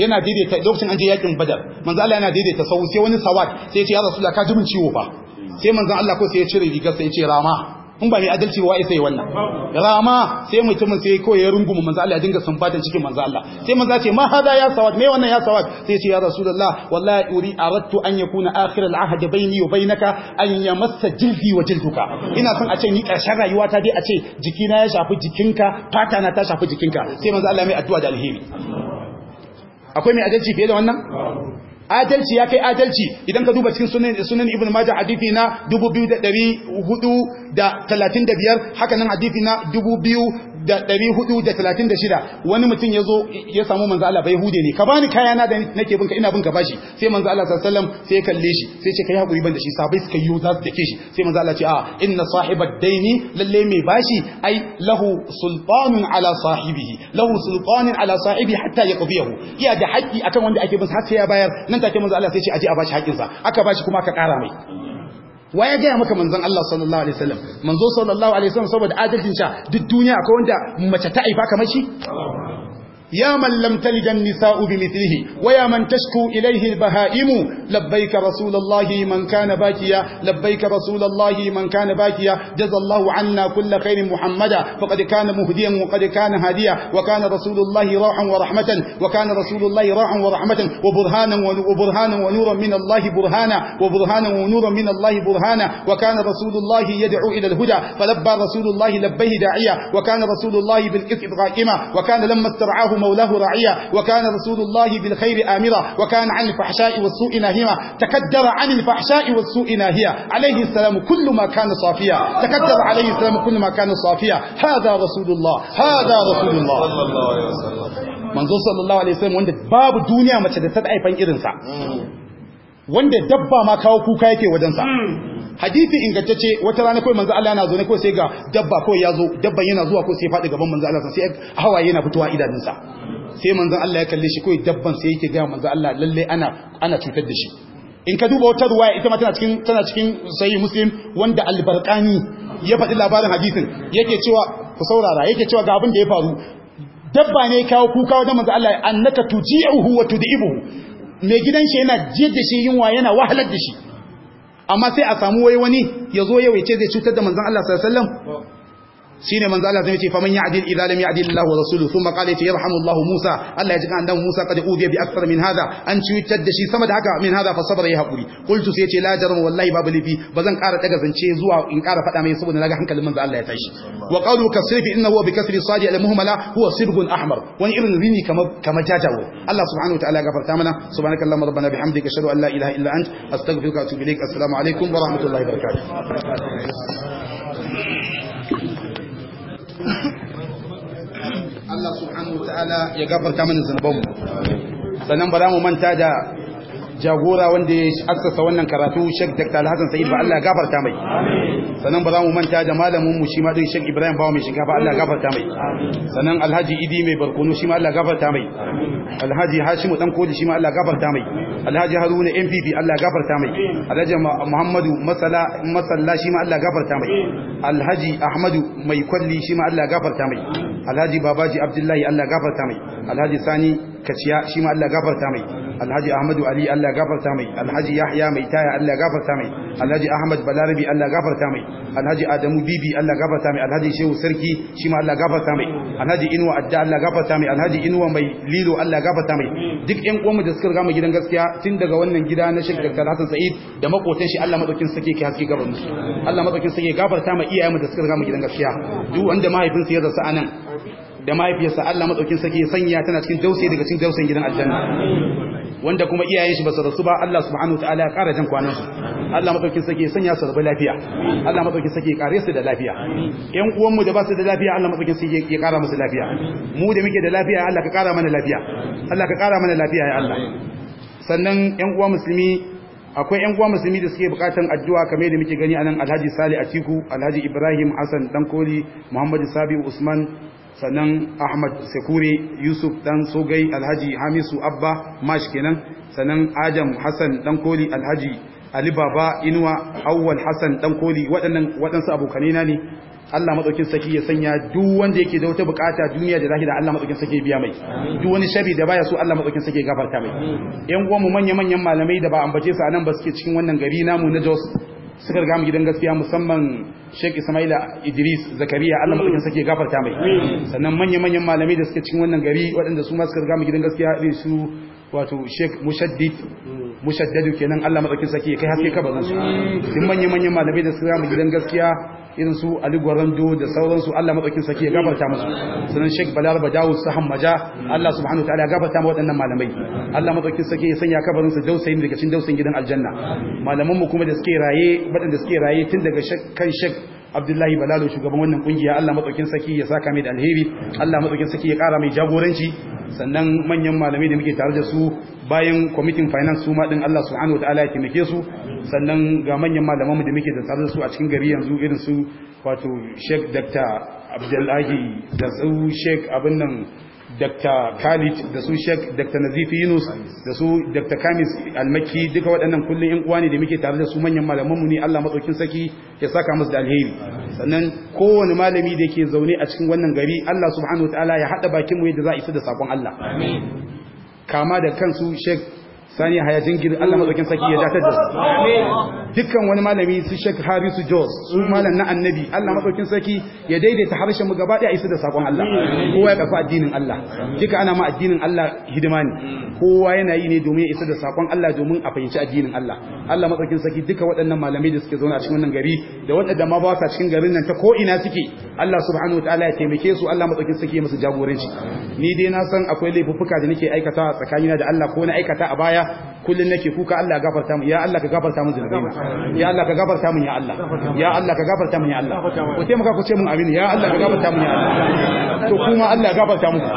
yana daidaita lokacin an je yakin badar manzo Allah yana daidaita sau sai wani sawat sai ya ce ya rasulullah ka jibin ciwo fa sai manzo Allah ko sai ya cire rigar sai ya ce rama in ba mai adalci wa isa yi wannan rama sai mutumin sai ko ya rungumu manzo Allah ya dinga sunfatan cikin manzo Allah sai manzo ce ma hada ya sawat me wannan ya sawat sai ce ya rasulullah wallahi uri aradtu an yakuna akhir al-ahd bayni wa bainaka an yamassa jildi wa jilduka ina son a ce ni karshen rayuwata dai a ce jikina ya shafi jikinka fata na ta shafi jikinka sai manzo Allah mai addu'a da alheri akwai mai adalci fiye da wannan adalci ya kai adalci idan ka duba cikin sunan ibn majah hadithi na 2435 haka nan hadithi na da ɗari hudu da talatin da shida wani mutum ya zo ya samu manzo Allah bai hude ne ka bani kayana da nake binka ina binka bashi sai manzo Allah sallallahu sai ya kalle shi sai ce kai hakuri ban da shi sabai suka yi za su dake shi sai manzo Allah ce a inna sahibad daini lalle mai bashi ai lahu sultanun ala sahibihi lahu sultanun ala sahibi hatta yaqdiyahu iya da haƙi akan wanda ake bin sa har sai ya bayar nan take manzo Allah sai ce aje a bashi haƙin sa aka bashi kuma aka ƙara mai wa ya gaya maka manzon Allah sallallahu alaihi wasallam manzo sallallahu alaihi wasallam saboda adalcin sha duk duniya akwai wanda mace ta aifa kamar shi يا من لم تلد النساء بمثله ويا من تشكو إليه البهائم لبيك رسول الله من كان باكيا لبيك رسول الله من كان باكيا جزى الله عنا كل خير محمدا فقد كان مهديا وقد كان هاديا وكان رسول الله راحا ورحمة وكان رسول الله راحا ورحمة وبرهانا وبرهانا ونورا من الله برهانا وبرهانا ونورا من الله برهانا وكان رسول الله يدعو إلى الهدى فلبى رسول الله لبيه داعيا وكان رسول الله بالإثب قائما وكان لما استرعاه مولاه رعيا وكان رسول الله بالخير آمرا وكان عن الفحشاء والسوء ناهما تكدر عن الفحشاء والسوء ناهيا عليه السلام كل ما كان صافيا تكدر عليه السلام كل ما كان صافيا هذا رسول الله هذا رسول الله manzo sallallahu alaihi wasallam wanda babu duniya mace da ta da aifan irinsa wanda dabba ma kawo kuka yake wajensa hadisi ingantacce wata rana kawai manzo Allah yana zo ne ko sai ga dabba ko ya zo dabban yana zuwa ko sai faɗi gaban manzo Allah sai hawaye yana fitowa idanunsa sai manzo Allah ya kalle shi ko dabban sai yake ga manzo Allah lalle ana ana cutar da shi in ka duba wata ruwaya ita ma tana cikin tana cikin sahih muslim wanda al-barqani ya faɗi labarin hadisin yake cewa ku saurara yake cewa ga abin da ya faru dabba ne kawo kuka wajen manzo Allah annaka tuji'uhu wa tud'ibuhu mai gidan shi yana jiyar da shi yunwa yana wahalar da shi amma sai a samu wai wani ya zo yau ya ce zai cutar da manzan Allah sallallahu shine manzo Allah zai ce fa man ya'dil idza lam ya'dil Allah wa rasuluhu thumma qala yarhamu Allah Musa Allah ya ji kan dan Musa kada ubiya bi akthar min hada an cutar da shi sama da haka min hada fa sabra ya hakuri qultu sai ce la jarma wallahi babu lifi bazan kara daga zance zuwa in kara faɗa mai saboda naga hankalin manzo Allah ya tashi wa qalu kasrifi innahu bi kasri sadi al muhmala huwa sirgun ahmar wani irin rini kamar kamar jajawo Allah subhanahu wa ta'ala ya gafarta mana subhanakallahumma rabbana bihamdika ashhadu an la ilaha illa anta. As-takfif, as-subirai astaghfiruka wa atubu ilaik assalamu alaikum wa rahmatullahi wa barakatuh Allah subhanahu wa ta'ala ya gafarta mana zunubanmu sannan ba za mu manta da jagora wanda ya assasa wannan karatu Sheikh Dr. alhassan hassan ba Allah ya gafarta mai sannan ba za mu manta da malamin mu shi ma din Sheikh Ibrahim Bawo mai shinkafa Allah ya gafarta mai sannan Alhaji Idi mai barkono shi ma Allah ya gafarta mai Alhaji Hashimu dan koli shi ma Allah ya gafarta mai Alhaji Haruna MPP Allah ya gafarta mai Alhaji Muhammadu Masala Masalla shi ma Allah ya gafarta mai Alhaji Ahmadu mai kwalli shi ma Allah ya gafarta mai Alhaji Babaji Abdullahi Allah ya gafarta mai Alhaji Sani Kaciya ciya shi ma Allah gafarta mai Alhaji Ahmadu Ali Allah gafarta mai Alhaji Yahya mai taya Allah gafarta mai Alhaji Ahmad Balarabi Allah gafarta mai Alhaji Adamu Bibi Allah gafarta mai Alhaji Shehu Sarki shi ma Allah gafarta mai Alhaji Inuwa Adda Allah gafarta mai Alhaji Inuwa mai Lilo Allah gafarta mai duk ƴan uwanmu da suka riga mu gidan gaskiya tun daga wannan gida na Sheikh Dr. Hassan Sa'id da makotan shi Allah madaukin sake ki haske gaban su Allah madaukin sake gafarta mai iyayenmu da suka riga mu gidan gaskiya duk wanda mahaifinsa ya rasu anan da mahaifiyarsa Allah madaukin sake sanya tana cikin dausayi daga cikin dausayin gidan aljanna wanda kuma iyayen shi ba su rasu ba Allah subhanahu wataala ya ƙara jan kwanan su Allah madaukin sake sanya su da lafiya Allah madaukin sake kare su da lafiya ƴan uwan mu da ba su da lafiya Allah madaukin sake ya ƙara musu lafiya mu da muke da lafiya Allah ka ƙara mana lafiya Allah ka ƙara mana lafiya ya Allah sannan ƴan uwa musulmi akwai ƴan uwa musulmi da suke bukatan addu'a kamar da muke gani anan Alhaji Salih Atiku Alhaji Ibrahim Hassan Dankoli Muhammad Sabi Usman sannan ahmad sekure yusuf dan sogai alhaji hamisu abba mash kenan sannan ajam hassan dan koli alhaji ali baba inuwa awwal hassan dan koli waɗannan waɗansu abokanina ne Allah matsaukin saki ya sanya duk wanda yake da wata bukata duniya da zahira Allah matsaukin saki ya biya mai duk wani shari da baya so Allah matsaukin saki ya gafarta mai yan uwan mu manya manyan malamai da ba ambace su anan ba suke cikin wannan gari namu na Jos suka riga mu gidan gaskiya musamman Sheikh Ismaila Idris Zakariya Allah madaukin sake gafarta mai sannan manyan manyan malamai da suke cikin wannan gari waɗanda su ma suka riga mu gidan gaskiya irin su wato Sheikh Mushaddid Mushaddadu kenan Allah madaukin sake kai haske ka bazan su duk manyan manyan malamai da suka riga mu gidan gaskiya irin su Ali Gwarando da sauransu Allah madaukin sake ya gafarta musu sunan Sheikh Balaraba Dawud Sahan Maja Allah subhanahu wataala ya gabata ma waɗannan malamai Allah madaukin sake ya sanya kabarin dausayin daga cikin dausayin gidan aljanna malaman mu kuma da suke raye waɗanda suke raye tun daga kan Sheikh Abdullahi Balalo shugaban wannan kungiya Allah matsaukin saki ya saka mai da alheri Allah matsaukin saki ya kara mai jagoranci sannan manyan malamai da muke tare da su bayan kwamitin finance su ma din Allah subhanahu wataala ya taimake su sannan ga manyan malaman mu da muke tare da su a cikin gari yanzu irin su wato Sheikh Dr. Abdullahi da su Sheikh abin nan Dr. Khalid da su Sheikh Dr. Nazif Yunus da su Dr. Kamis Almaki duka waɗannan kullum yan uwa ne da muke tare da su manyan malaman mu ne Allah madaukin saki ya saka musu da alheri sannan kowane malami da yake zaune a cikin wannan gari Allah subhanahu wataala ya hada bakin mu yadda za a isa da sakon Allah kama da kansu Sheikh sani haya gir Allah madaukin saki ya datar da dukkan wani malami su Sheikh Harisu Jos su mm. malam na annabi Allah madaukin saki ya daidaita harshen mu gaba daya isa da sakon Allah kowa ya kafa addinin Allah duka ana ma addinin Allah hidima ne mm. kowa yana yi ne domin ya isa da sakon Allah domin a fahimci addinin Allah Allah madaukin saki duka waɗannan malamai da suke zauna a cikin wannan gari da waɗanda ma ba sa cikin garin nan ta ko ina suke Allah subhanahu wataala ya taimake su Allah madaukin saki ya musu jagoranci ni dai na san akwai laifuffuka da nake aikata tsakanina da Allah ko na aikata a baya gida kullun nake kuka Allah gafarta mu ya Allah ka gafarta mun zunubaina ya Allah ka gafarta mun ya Allah ya Allah ka gafarta mun ya Allah ku ce muka ku ce mun amin ya Allah ka gafarta mun ya Allah to kuma Allah gafarta muku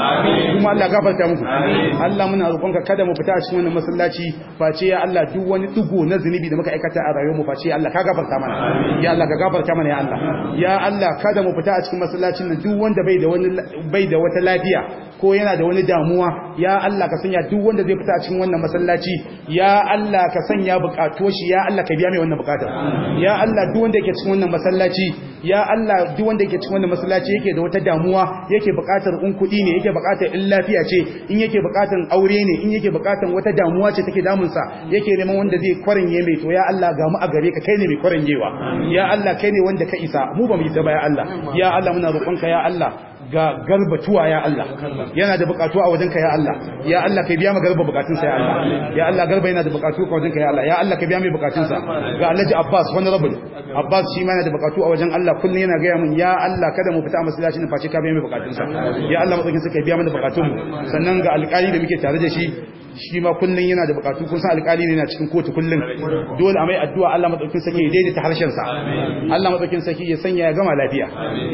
kuma Allah gafarta muku Allah muna roƙonka kada mu fita a cikin wannan masallaci face ya Allah duk wani dugo na zunubi da muka aikata a rayuwar mu face ya Allah ka gafarta mana ya Allah ka gafarta mana ya Allah ya Allah kada mu fita a cikin masallacin nan duk wanda bai da wani bai da wata lafiya ko yana da wani damuwa ya Allah ka sanya duk wanda zai fita a cikin wannan masallaci ya Allah ka sanya bukatuwar shi ya Allah ka biya mai wannan bukata ya Allah duk wanda yake cikin wannan masallaci ya Allah duk wanda yake cikin wannan masallaci yake da wata damuwa yake bukatar un kudi ne yake bukatar in lafiya ce in yake bukatar aure ne in yake bukatar wata damuwa ce take damun sa yake neman wanda zai kwaranye mai to ya Allah ga mu a gare ka kai ne mai kwaranyewa ya Allah kai ne wanda ka isa mu ba mu isa ba ya Allah ya Allah muna roƙonka ya Allah ga garbatuwa ya Allah yana da bukatu a wajenka ya Allah ya Allah kai biya ma garba sa ya Allah ya Allah garba yana da bukatu a wajenka ya Allah ya Allah kai biya mai sa ga Alhaji Abbas wani rabin Abbas shi ma yana da bukatu a wajen Allah kullun yana ga mun ya Allah kada mu fita masallaci ne face ka biya mai sa ya Allah matsakin sa kai biya mana mu sannan ga alƙali da muke tare da shi shi ma kullun yana da bukatu kun san alƙali ne yana cikin kotu kullun dole a mai addu'a Allah madaukin saki ya daidaita harshen sa Allah madaukin saki ya sanya ya gama lafiya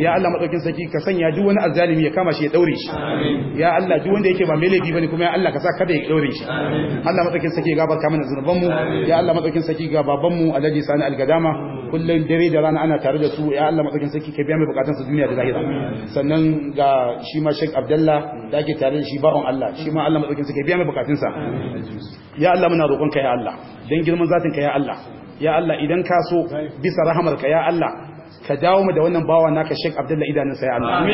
ya Allah madaukin saki ka sanya duk wani azzalimi ya kama shi ya daure shi ya Allah duk wanda yake ba mai laifi bane kuma ya Allah ka sa kada ya daure shi Allah madaukin saki ya gafarta mana zunuban mu ya Allah madaukin saki ga baban mu Alhaji Sani Algadama kullun dare da rana ana tare da su ya Allah madaukin saki ka biya mai bukatun su duniya da lahira sannan ga shi ma Sheikh Abdullah da ke tare da shi bawon Allah shi ma Allah madaukin saki ya biya mai bukatun sa ya Allah muna roƙonka ya Allah don girman zatin ka ya Allah ya Allah idan ka so bisa rahamarka ya Allah ka dawo mu da wannan bawa naka Sheikh Abdullah idanun sai Allah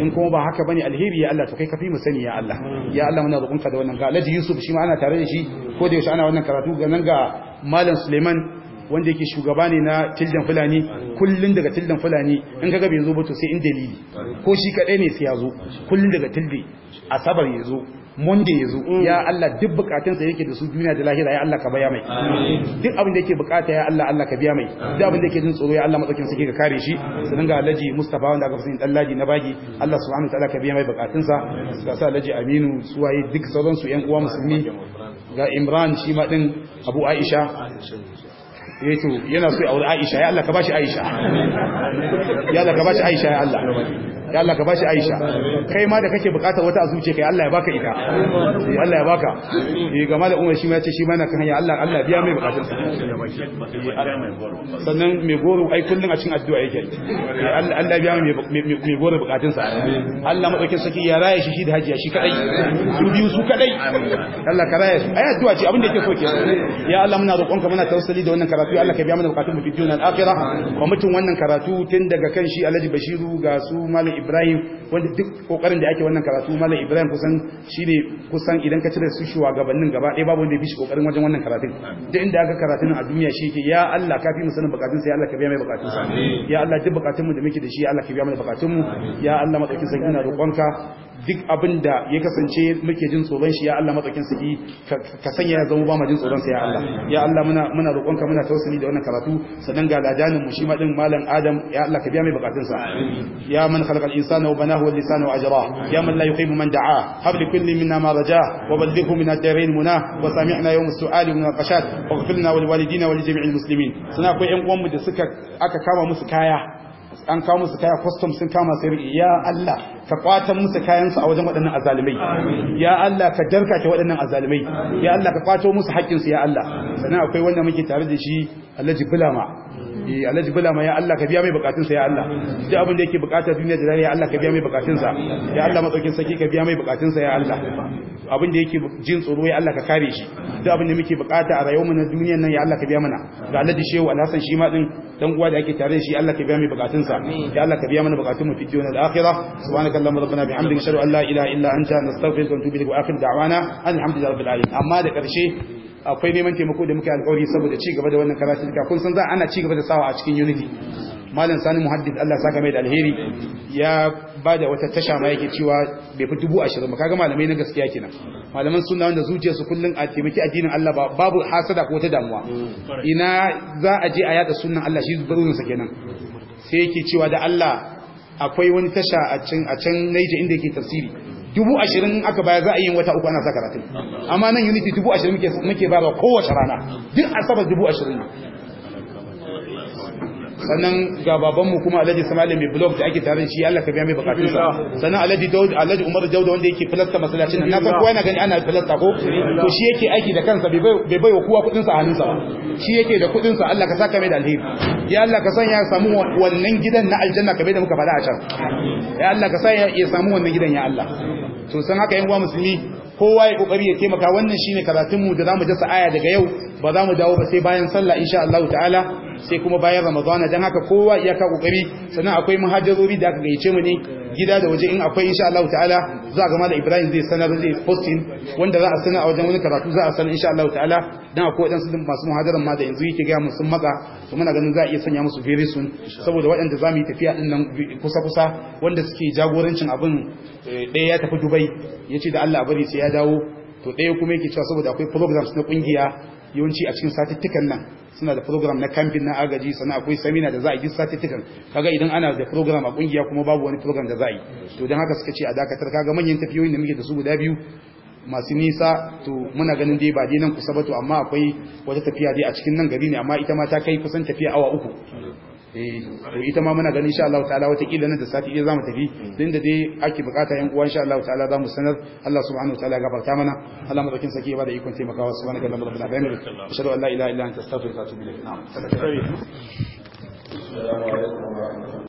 in kuma ba haka bane alheri ya Allah to kai ka fi mu sani ya Allah ya Allah muna roƙonka da wannan ga Alhaji Yusuf shi ma ana tare da shi ko da yaushe ana wannan karatu ga nan ga Malam Suleiman wanda yake shugaba ne na tildan fulani kullun daga tildan fulani in ga bai zo ba to sai in dalili ko shi kadai ne sai ya zo kullun daga tilbi asabar ya zo monday yazo mm. ya Allah duk bukatun sa yake da su duniya da lahira ya Allah ka baya mai duk abin da yake bukata ya Allah Allah ka biya mai duk abin da yake jin tsoro ya Allah madaukin sake ka kare shi su ga alaji Mustafa wanda aka fi dan laji na bagi Allah subhanahu wa ta'ala ka biya mai bukatun sa ga sa alaji Aminu suwaye duk sauran su yan uwa musulmi ga Imran shi ma din Abu Aisha yato eh yana so ya aure Aisha ya Allah ka bashi Aisha ya Allah ka bashi Aisha ya Allah ya Allah ka bashi Aisha kai ma da kake bukatar wata azuce kai Allah ya baka ita eh Allah ya baka eh ga malam Umar shi ma yace shi ma yana kan hanya Allah Allah biya mai bukatun sa eh, sannan mai goro ai kullun a cikin addu'a yake eh, Allah Allah biya mai mai goro bukatun sa Allah dauke saki ya raya shi shi da hajiya shi kadai su biyu su kadai Allah ka raya su ai addu'a ce abin da yake so ke ya Allah muna roƙonka muna tausali da wannan karatu Allah ka biya mana bukatun mu fi dunya al-akhirah wa mutum wannan karatu tun daga kan shi Alhaji Bashiru ga su malam Ibrahim wanda duk kokarin da ake wannan karatu Malam Ibrahim kusan shine kusan idan ka cire su gabanin gaba ɗaya babu wanda ya bishi kokarin wajen wannan karatun duk inda aka karatun a duniya shi ke ya Allah ka fi mu sanin bukatun sai ya Allah ka biya mai bukatun sa ya Allah duk bukatun mu da muke da shi ya Allah ka biya mana bukatun mu ya Allah madaukin sarki ina roƙonka duk abin da ya kasance muke jin tsoron shi ya Allah matsakin saki ka sanya ya zama ba ma jin tsoron sa ya Allah ya Allah muna muna roƙonka muna tausayi da wannan karatu sanan ga ladanin mu shi ma din malam Adam ya Allah ka biya mai bukatun sa ya man khalaqal insana wa banahu wal lisana wa ajra ya man la yuhibbu man da'a hab li kulli minna ma raja wa ballighu min ad-darain muna wa sami'na yawm as-su'al min al-qashat waghfir lana wal walidina wa li jami'il muslimin sana akwai ƴan uwan mu da suka aka kama musu kaya an kawo musu kaya kwastam sun kama sai ya Allah ka kwatan musu kayansu a wajen waɗannan azalimai ya Allah ka darka ke waɗannan azalimai ya Allah ka kwato musu haƙƙinsu ya Allah sannan akwai wanda muke tare da shi Alhaji Bulama eh alhaji bula ma ya Allah ka biya mai bukatunsa ya Allah duk abin da yake bukata duniya da ya Allah ka biya mai bukatunsa ya Allah madaukin saki ka biya mai bukatunsa ya Allah abin da yake jin tsoro ya Allah ka kare shi duk abin da muke bukata a rayuwar mu na duniyar nan ya Allah ka biya mana ga alhaji shehu alhasan shi ma din dan uwa da yake tare da shi Allah ka biya mai bukatunsa ya Allah ka biya mana bukatun mu fi na da akhirah subhanaka allahumma rabbana bihamdika ashhadu an la ilaha illa anta nastaghfiruka wa natubu ilaik wa akhir da'wana alhamdulillahi rabbil alamin amma da karshe akwai neman taimako da muke alƙawari saboda ci gaba da wannan karatu da kun san za ana ci gaba da sawa a cikin unity malam sani muhaddis Allah saka mai da alheri ya bada wata tasha ma yake cewa bai fi dubu ashirin ba kaga malamai na gaskiya kenan malaman sunna wanda su kullum a taimaki addinin Allah ba babu hasada ko ta damuwa ina za a je a yada sunnan Allah shi sa kenan sai yake cewa da Allah akwai wani tasha a can a can Niger inda yake tafsiri dubu ashirin aka baya za a yi wata uku ana sa karatun amma nan unity dubu ashirin muke ba kowace rana duk asabar dubu ashirin sannan ga babanmu kuma alhaji samali mai blog da ake tare shi Allah ka biya mai bukatun sa sannan alhaji daud alhaji umar daud wanda yake filasta masallacin nan na san kowa yana gani ana filasta ko to shi yake aiki da kansa bai bai wa kowa kudin sa hannunsa ba shi yake da kudin sa Allah ka saka mai da alheri ya Allah ka sanya ya samu wannan gidan na aljanna kamar da muka fada a can ya Allah ka sanya ya samu wannan gidan ya Allah to san haka yan uwa musulmi kowa ya kokari ya taimaka wannan shine karatunmu da zamu jasa aya daga yau ba za mu dawo ba sai bayan sallah insha Allah ta'ala sai kuma bayan ramadana don haka kowa ya ka kokari sannan akwai muhajirori da aka gayyace mu ne gida da waje in akwai insha Allah ta'ala za a gama da Ibrahim zai sanar zai posting wanda za a sanar a wajen wani karatu za a sanar insha Allah ta'ala dan akwai wadansu sun masu muhajiran ma da yanzu yake gaya mu matsa to muna ganin za a iya sanya musu very soon saboda waɗanda za mu yi tafiya din nan kusa kusa wanda suke jagorancin abin eh, ɗaya ya tafi Dubai yace da Allah bari sai ya dawo to ɗaya kuma yake cewa saboda akwai programs na kungiya yawanci a cikin satuttukan nan suna da program na camping na agaji sannan akwai samina da za a yi certificate kaga idan ana da program a kungiya kuma babu wani program da za a yi to don haka suka ce a dakatar kaga manyan tafiyoyi da muke da su guda biyu masu nisa to muna ganin dai ba dai nan kusa ba to amma akwai wata tafiya dai a cikin nan gari ne amma ita ma ta kai kusan tafiya awa uku Eh, ita ma muna ganin insha Allah ta'ala wata kila nan da sati iya zamu tafi din hmm. da dai ake bukata yan uwa insha Allah ta'ala zamu sanar Allah subhanahu wataala ya gafarta mana Allah madaukin saki ya bada ikon taimakawa subhanaka allahumma rabbana bihamdika ashhadu an la ilaha illa anta astaghfiruka wa atubu ilaik na'am assalamu alaikum